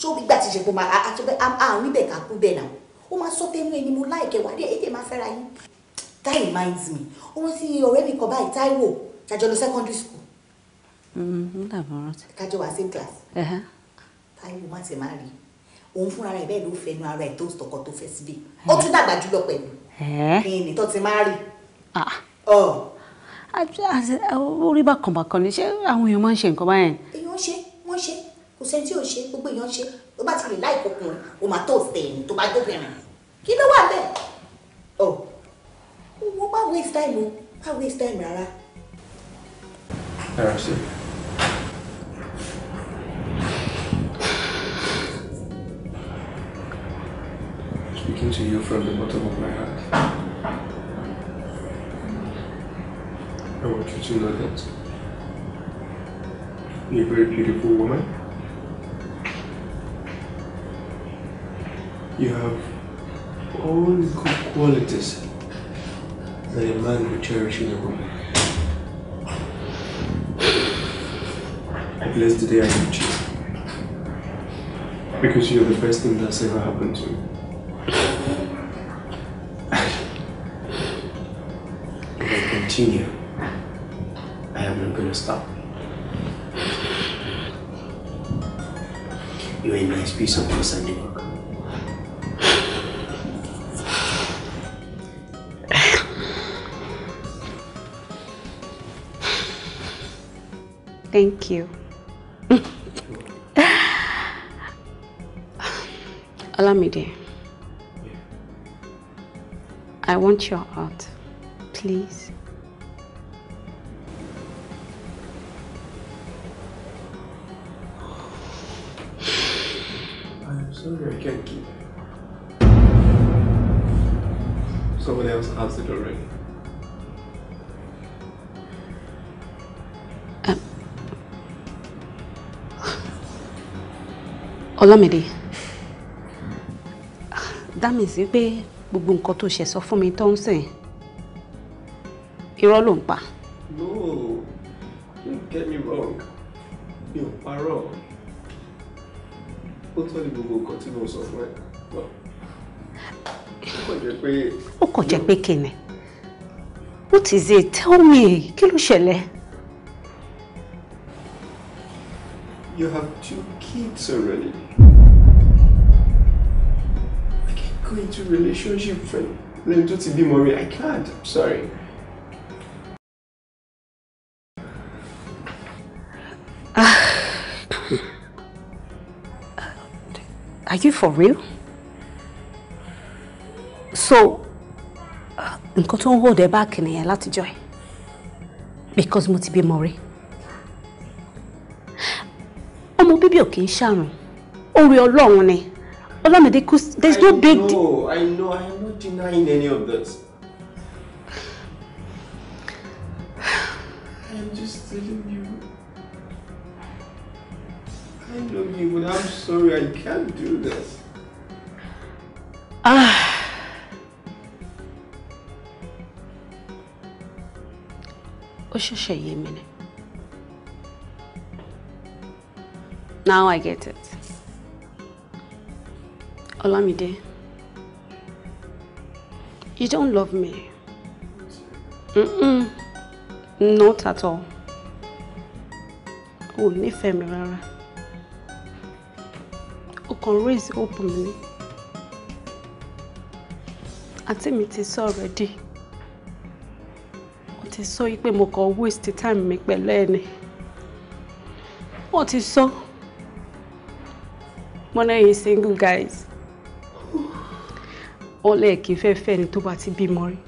ṣó gbígbà ti ṣe kó máa àárín bẹ̀ ká kú bẹ̀ náà ó máa sọ tẹnu ẹni mo láìkẹ́ wá dé èdè máa fẹ́ra yín that reminds me ohun tí ọ̀rẹ́ mi kan báyìí Táíwò jàjọ lọ secondary school. Mm-hmm, kájọ wá same class uh-huh. Táíwò má ti máa rí i òun fúnra rẹ̀ bẹ́ẹ̀ ló fẹnu ara ẹ̀ tó tọkọ tó fẹ́ síbi ó tún dàgbà jùlọ pẹ̀lú kí ni tó ti máa rí. orí bákan bákan ni ṣé àwọn èèyàn máa ń ṣe nǹkan báyẹn. èèyàn ṣe wọ́n ṣe kò sẹ́ni tí ò ṣe gbogbo èèyàn ṣe tó bá ti rìn láì kọkùnrin ó máa tó tẹ̀yìn tó bá dóbìnrin kí ló wà bẹ́ẹ̀ wọ́n bá waste time o bá waste time rárá. ẹ rà sí i. speaking to you from the bottom of my heart. I want you to know that you're a very beautiful woman. You have all the good qualities that a man would cherish in a woman. I bless the day I met you. Because you're the best thing that's ever happened to me. continue, I am not gonna stop. You are a nice piece of person, work. Thank you. Alamide, I want your heart, please. Ọlámídé that means pé gbogbo nǹkan tó ṣe sọ fún mi tó ń sìn irọ́ ló ń pa. no don't get me wrong mi ò parọ́ ó tọ́ ni gbogbo nǹkan tí mo sọ fún ẹ pọ̀ ó kàn jẹ́ pé. ó kàn jẹ́ pé kíni what is it tell me kí ló ṣẹlẹ̀. you have two kids already. go into relationship pẹ̀lú lẹ́yìn tó ti bímọ rí i can't i'm sorry. Are you for real? So, I'm going to hold her back in nìyẹn látijọ́ joy because mo ti bímọ rí. Ọmọ bíbí ò kì í ṣàrùn, oore be alone. Olamide, there's I no know, big... No, I know. I am not denying any of this. I am just telling you. I love you, but I'm sorry. I can't do this. Ah... Ó ṣẹ̀ṣẹ̀ yé mi Now I get it. Olamide, you don't love me. Mm-mm, not at all. Oh, nífẹ̀ẹ́ mi rárá. O kàn raise openly. I ni. Àǹtí mi ti already. O is so you mo kàn waste time mi pẹ̀lú ẹni. O ti sọ. One of you single guys ọlẹ́ kì fẹ́ fẹ́ ni tó bá ti bímọ rí.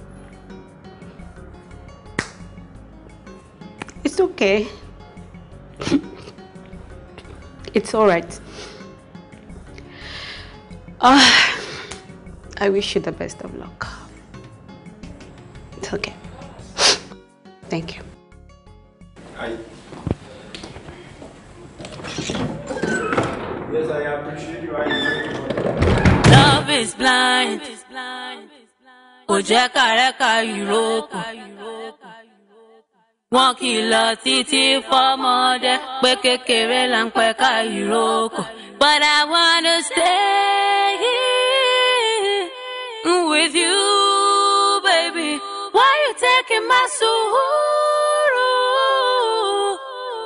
It's okay. It's all right. Ah, uh, I wish you the best of luck. jẹ́ kàrẹ́kà wọ́n títí fọ́mọdé pé kékeré là ń pẹ́ ká But I wanna stay here with you, baby. Why you taking my suru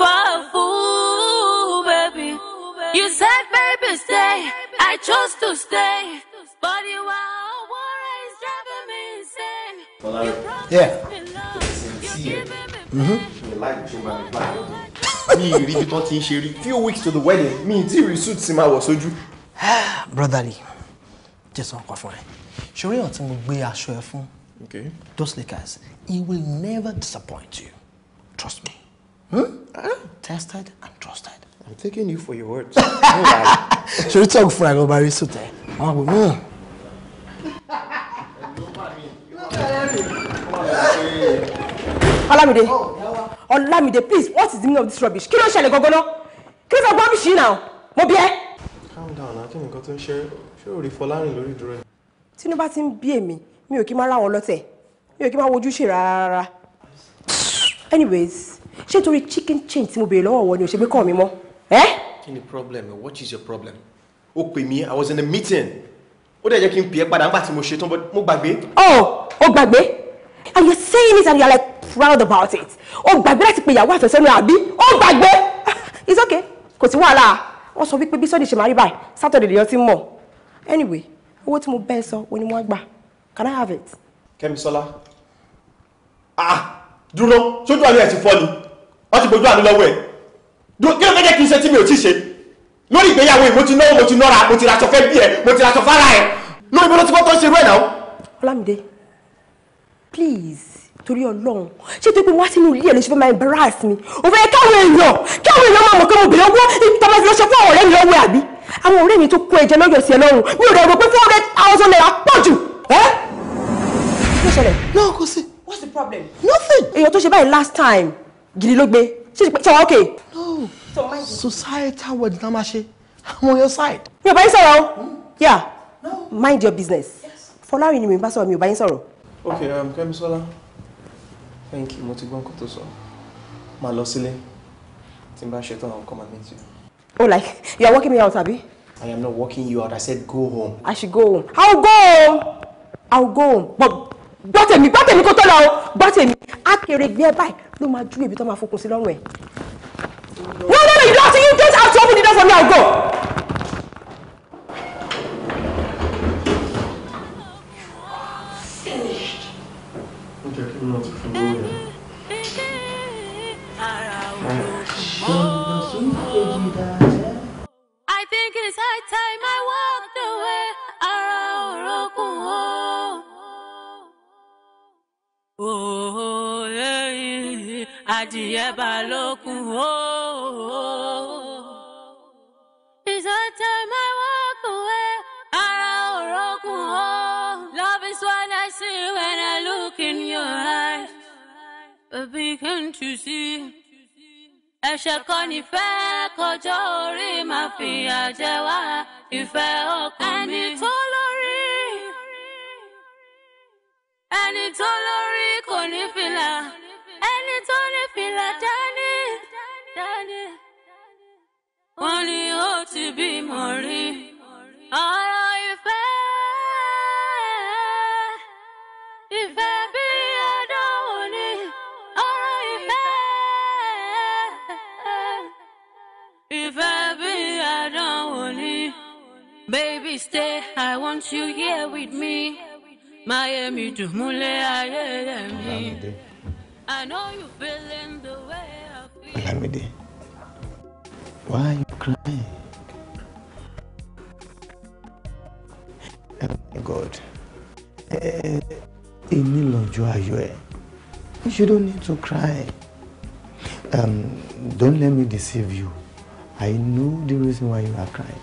for a fool, baby? You said, baby, stay. I chose to stay, but you are. Yeah. Mi ì rí ibi tán ti ń ṣe rí. Few weeks to the wedding, Me, ì tí suit Sima máa wọ̀ sójú. Brotherly, Jason kọ fún ẹ. Ṣorí ọ̀ tí mo gbé aṣọ Okay. Those liquors, he will never disappoint you. Trust me. Hmm? Ah. Tested and trusted. I'm taking you for your words. Sherry, talk for ẹ go bá suit ẹ. Àwọn àgbẹ̀ mú. Hmm. Olamide Olamide please what is the meaning of this rubbish kí ló ń ṣẹlẹ̀ gangan náà kí ló fẹ́ gbọ́ rubbish yìí náà mo bí calm down àti nǹkan tó ń Share ṣé ò rí fọlárìn lórí ìdúró ni. tínú bá ti ń bí èmi mi ò kí máa ráwọn lọ́tẹ̀ mi ò kí máa wojú ṣe rárá anyways ṣé torí chicken change tí mo béèrè lọ́wọ́ wọn ni ò ṣe gbé kàn mí mọ́. Eh? kí ni problem what is your problem ó pè mí i was in a meeting ó dẹ̀ jẹ́ kí n pè é padà nígbà tí mo ṣe tán mo gbàgbé. oh o gbàgbé and you saying it and you are like proud about it o gbàgbé láti pe ìyàwó àfẹsẹ́nu àbí o gbàgbé it's okay kò sí wàhálà wọ́n sọ wípé bí sọ́ọ̀dì ṣe máa rí báyìí sátọ̀dẹ̀ lèyàn ti mọ̀ anyway owó tí mo bẹ́ẹ̀ sọ wo ni wọ́n gbà can i have it. kẹ́misọ́lá ah dúró sójú àlẹ́ ẹ̀ ti fọ́ ni wọ́n ti bójú àlẹ́ lọ́wọ́ ẹ̀ kí ló fẹ́ jẹ́ kí n ṣe tí mi ò tí ṣe lórí ìgbéyàwó yìí mo ti náwó mo ti nọ́ra mo ti raṣọ fẹ́ bí ẹ mo ti raṣọ fara ẹ lórí ibi ló ti bọ́ tó ń ṣe irú ẹ̀ náà. Ọlámídé please torí Ọlọ́run ṣé tó pé wá sínú ilé ẹ̀ ló ṣe fẹ́ máa embarrass mi ò fẹ́ káwọn èèyàn káwọn èèyàn máa mọ̀ pé mo bèrè owó ìtọ́mọ ti lọ ṣe fún àwọn ọ̀rẹ́ mi lọ́wọ́ àbí àwọn ọ̀rẹ́ mi tó kó ẹ̀jẹ̀ lọ́yọ̀ sí ẹ lọ́rùn mi ò rẹ̀ rò what's the problem. nothing. èèyàn tó ṣe last time gidi ló gbé ṣe ṣe pé ṣe wá okay societal words náà máa ṣe i'm on your side. mi ò bá yín sọ̀rọ̀ o hmm? yeah mind your business fọlárin ni mi bá sọ̀rọ̀ mi ò bá yín sọ̀rọ̀. ok um, kẹ́misọ́lá thank you mo ti gbọ́ nǹkan tó sọ máa lọ sílé tí n bá ṣetán àwọn kan máa meet you. oh like you are working me out abi. i am not working you out i said go home. i should go home i will go home i will go home but gbọ́tẹ̀mí gbọ́tẹ̀mí kò tọ́ lọ o gbọ́tẹ̀mí akèrègbè báyìí ló máa ju ibi tó máa fokùn sí lọ́rùn ẹ̀. No, no, no, you don't have to. You don't have to open the door for me. I'll go. I think it's high time I walked away. Ara orokun Oh adìyẹ bá o. It's a time I walk away, ara ò rọ́kun o. Love is what I see when I look in your eyes. Baby, can't you see? ẹ̀ṣẹ̀ kọ́ nífẹ̀ẹ́ kọjọ́ orí máa fìyà jẹ wá ìfẹ́ ọkàn mi. ẹni tó lórí ẹni tó lórí kò ní fìlà ẹni tó rí fìlà dání dání wọ́n ní ó ti bímọ rí ọ̀rọ̀ ìfẹ́ ìfẹ́ bí adánwò ni ọ̀rọ̀ ìfẹ́ ìfẹ́ bí adánwò ni baby stay I want you here with me máyé mi dùn múlẹ̀ ayé rẹ̀ mi. I know you Olamide, why are you crying? Oh my God. Èmi lọ́jọ́ ayọ̀ ẹ̀. You don't need to cry. Um, don't let me deceive you. I know the reason why you are crying.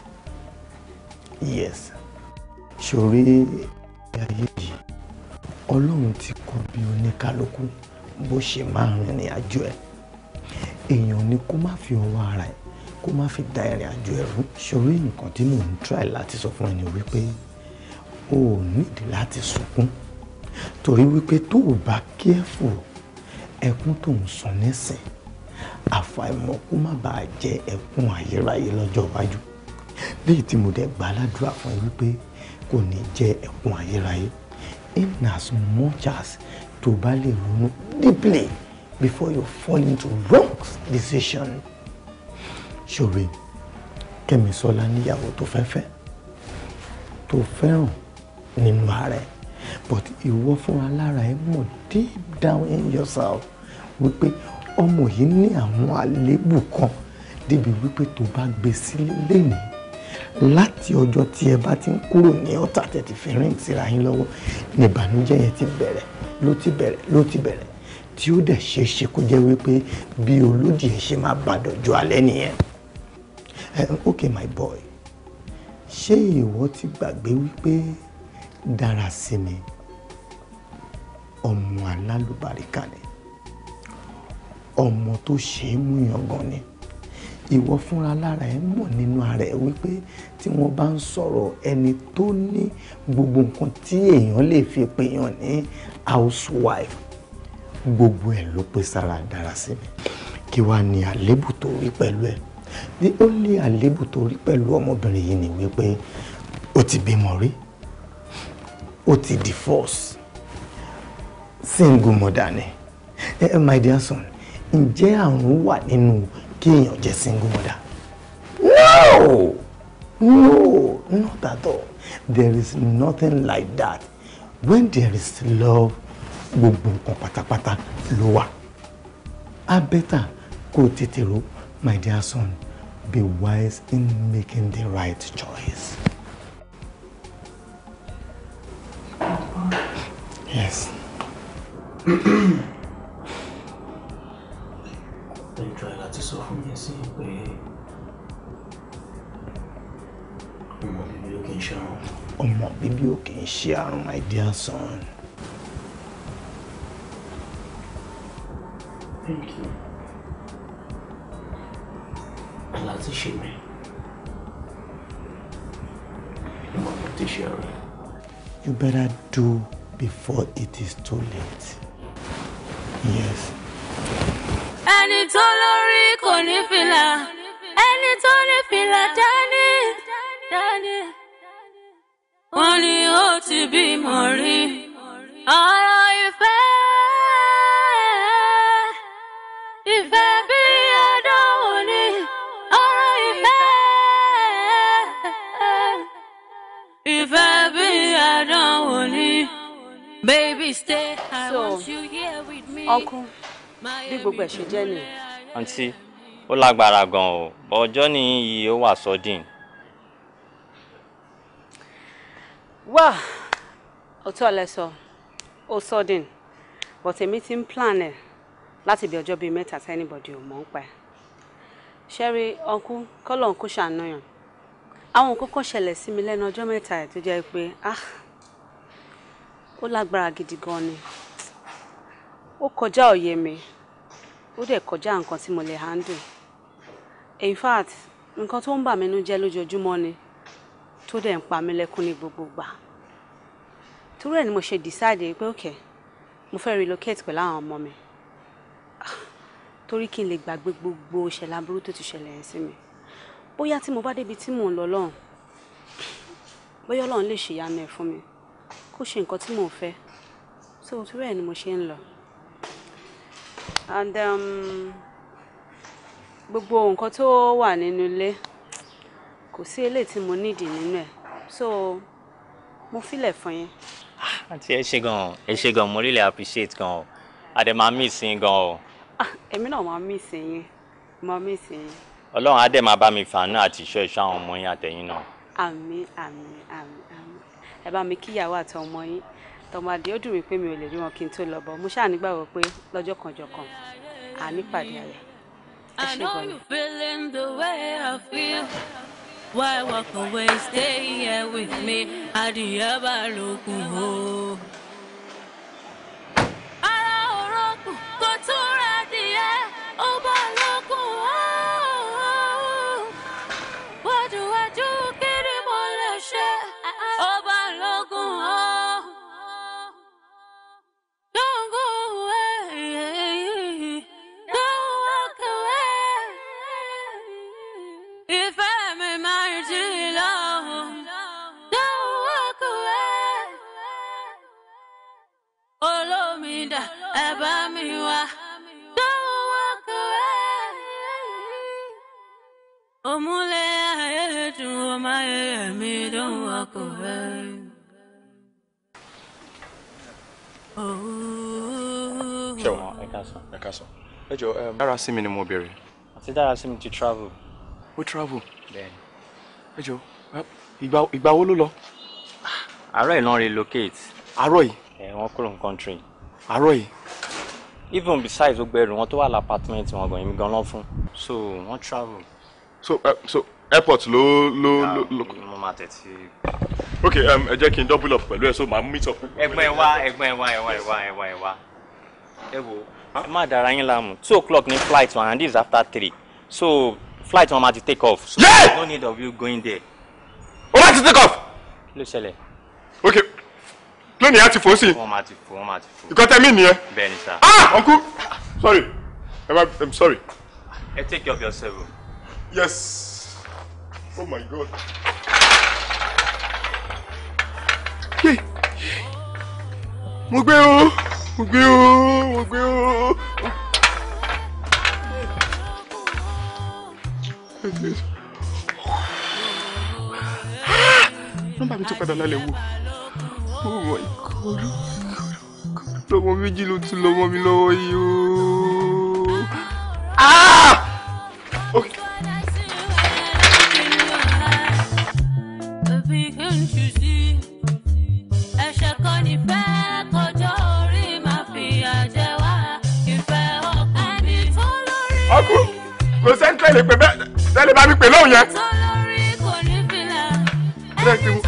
Yes. Ṣòrí ayé yìí, Ọlọ́run ti kọ bí oníkálukú bó ṣe máa rìnrìn àjò ẹ̀ èèyàn ni kó má fi ọwọ́ ara ẹ̀ kó má fi da ìrìn àjò ẹ̀ rú. ṣòro nǹkan tí mò ń try láti sọ fún ẹni wípé o ò nídìí láti sunkún torí wípé tó o bá kíẹ́fù ẹkún tó ń sun nísìn àfàìmọ̀ kó má bàa jẹ ẹkún ayérayé lọ́jọ́ iwájú léyìí tí mo dẹ̀ gbà ládùúrà fún ẹ wípé kò ní jẹ ẹkún ayérayé in as much as To bá lè deeply before you fall into wrong decision. ṣòwe Kẹ́misọ́lá níyàwó tó fẹ́ fẹ́ tó fẹ́ràn nínú ara ẹ̀ but ìwọ fúnra lára ẹ mọ̀ deep down in yourself wípé ọmọ yìí ní àwọn àléébù kan débi wípé tó bá gbé sílé lẹ́nu láti ọjọ́ tí ẹ bá ti ń kúrò ní ọ̀tà tẹ̀tì fẹ́rẹ́ǹtì ra yín lọ́wọ́ ní ìbànújẹ́ yẹn ti bẹ̀rẹ̀ ló ti bẹ̀rẹ̀ ló ti bẹ̀rẹ̀ tí ó dẹ̀ ṣe é ṣe kó jẹ́ wípé bí olódì ẹ̀ ṣe máa bàdọ̀jọ́ alẹ́ nìyẹn. okay my boy ṣé ìwọ ti gbàgbé wípé Darasimi ọmọ alálùbáríkà ni ọmọ tó ṣe é mú yangàn ni ìwọ fúnra lára ẹ mọ̀ nínú ara ẹ wípé tí wọ́n bá ń sọ̀rọ̀ ẹni tó ní gbogbo nǹkan tí èèyàn lè fi pèèyàn ní housewife gbogbo ẹ̀ ló pé sára dára sí mi kí wàá ní àléébù tó rí pẹ̀lú ẹ̀ the only àléébù tó rí pẹ̀lú ọmọbìnrin yìí ni wípé ó ti bímọ rí ó ti divorce single mother ni eh, eh my dear son ǹjẹ́ àrùn wà nínú kí èèyàn jẹ́ single mother no no not at all there is nothing like that when there is love gbogbo nǹkan pátápátá ló wà á better kó o tètè ro my dear son be wise in making the right choice. Yes. Ẹjọ́ ẹ̀ láti sọ fún mi sí pé ọmọ mi ló kí n ṣe àwọn ọmọ bíbí ò kì í ṣe àrùn my dear son. Thank you. Àlá ti ṣe mí. Ìmọ̀ mi ti ṣe ọ̀rẹ́. You better do before it is too late. Yes. Ẹni tó lórí kò ní fìlà, ẹni tó ní fìlà dání, dání wọ́n ní ó ti bímọ rí ọ̀rọ̀ ìfẹ́ ìfẹ́ bí adánwò ni ọ̀rọ̀ ìfẹ́ ìfẹ́ bí adánwò I so, want you here with me. ọkùn bí gbogbo ẹ̀ ṣe jẹ́ nìyẹn. àǹtí ó lágbára gan-an o ọjọ́ nìyí ó wà sọ́dìn. well òtún ọ̀lẹ́ sọ ó sudden but èmi ti ń plan ẹ̀ láti bí ọjọ́ bíi mẹ́ta tí anybody ò mọ̀ ń pa ẹ̀ ṣẹ́rí ọkú kọ́lọ̀ ń kó ṣàánúyàn àwọn kókó ṣẹlẹ̀ sí mi lẹ́nu ọjọ́ mẹ́ta ẹ̀ tó jẹ́ pé ah ó lágbára gidi gan ni ó kọjá òye mi ó dẹ̀ kọjá nǹkan tí mo lè handle in fact nǹkan tó ń bà mí nú jẹ́ lójoojúmọ́ ni tó dẹ̀ ń pa mí lẹ́kún ní gbogbo gbà torí ẹ̀ ni mo ṣe decide pé ok mo fẹ́ relocate pẹ̀lú àwọn ọmọ mi torí kí n lè gbàgbé gbogbo ìṣẹ̀lẹ̀ aburú tó ti ṣẹlẹ̀ sí mi bóyá tí mo bá débi tí mò ń lọ lọ́hùn bóyá Ọlọ́run lè ṣèyanu ẹ̀ fún mi kó ṣe nǹkan tí mò ń fẹ́ so torí ẹ̀ ni mo ṣe ń lọ and um, gbogbo nǹkan tó wà nínú ilé kò sí eléyìí tí mo nídìí nínú ẹ̀ so mo filẹ̀ fún yín àti ẹ ṣe gan ẹ ṣe gan mo really appreciate gan o àdè máa miss yín gan o. Ah, èmi náà máa miss yín máa miss yín. ọlọ́run á máa bá mi fàánú àti iṣẹ́ iṣẹ́ àwọn ọmọ yín àtẹ̀yìn náà. àmín àmín àmín àmín ẹ bá mi kíyàwó àti ọmọ yín tọmọdé ó dùn mí pé mi ò lè rí wọn kí n tó lọ bọ mo ṣáà nígbàgbọ́ pé lọ́jọ́ kan jọ̀kan ànípàdé ayọ̀ ẹ ṣe gan I know you feeling the way I feel. Why walk away? Stay here with me. Adiyaba lókun o. Ara oroku kò tún ra ẹ bá mi wá don't walk away. òmùlẹ̀ ayé dùn ó máa yẹ mi don't walk away. ṣé wọn ẹ ká sàn. ẹ ká sàn. ẹ jọ dára sí mi ni mo béèrè. àti dára sí mi ti travel. ó travel. bẹ́ẹ̀ni. ẹ jọ ìgbà wo ló lọ. àárọ̀ yìí lọ́n relocate. àárọ̀ yìí. ẹ̀ eh, wọ́n kúrò ní country. àárọ̀ yìí even besides gbogbo ẹrù wọn tó wà lápàtúmẹ̀ǹt wọn gan èmi gan lọ́n fún so wọ́n travel. so uh, so airport ló ló ah, ló ló. mo máa tẹ̀sí. ok um, ẹ jẹ́ kí n double up pẹ̀lú ẹ so màá meet up. ẹ̀gbọ́n ẹ wá ẹ̀gbọ́n ẹ wá ẹ wá ẹ wo ẹ má dara yín láàmú two o'clock ni flight one and this is after three so flight one máa ti take off. so yeah! no need of you going there. o máa ti take off. ló ṣẹlẹ̀. ok lónìí á ti fò ó sí. wọ́n máa ti fò wọ́n máa ti fò. ìkọ́tẹ́ mi nìyẹn. bẹ́ẹ̀ni sá. ah uncle sorry ẹ má i'm sorry. ẹ take care of yourself. yes oh my god. Yeah. mo gbé o mo gbé o mo gbé o. Ah! nọ́mbà mi ti padà lálẹ́ wo ó mọ ìkorò ìkorò lọmọ méjì ló tún lọmọ mi lọ́wọ́ yìí ó. Ah! ọkùn kò sẹ́ńtẹ́lì pé bẹ́ẹ̀ sẹ́ńtẹ́lì bá mi pè lóhùn yẹn.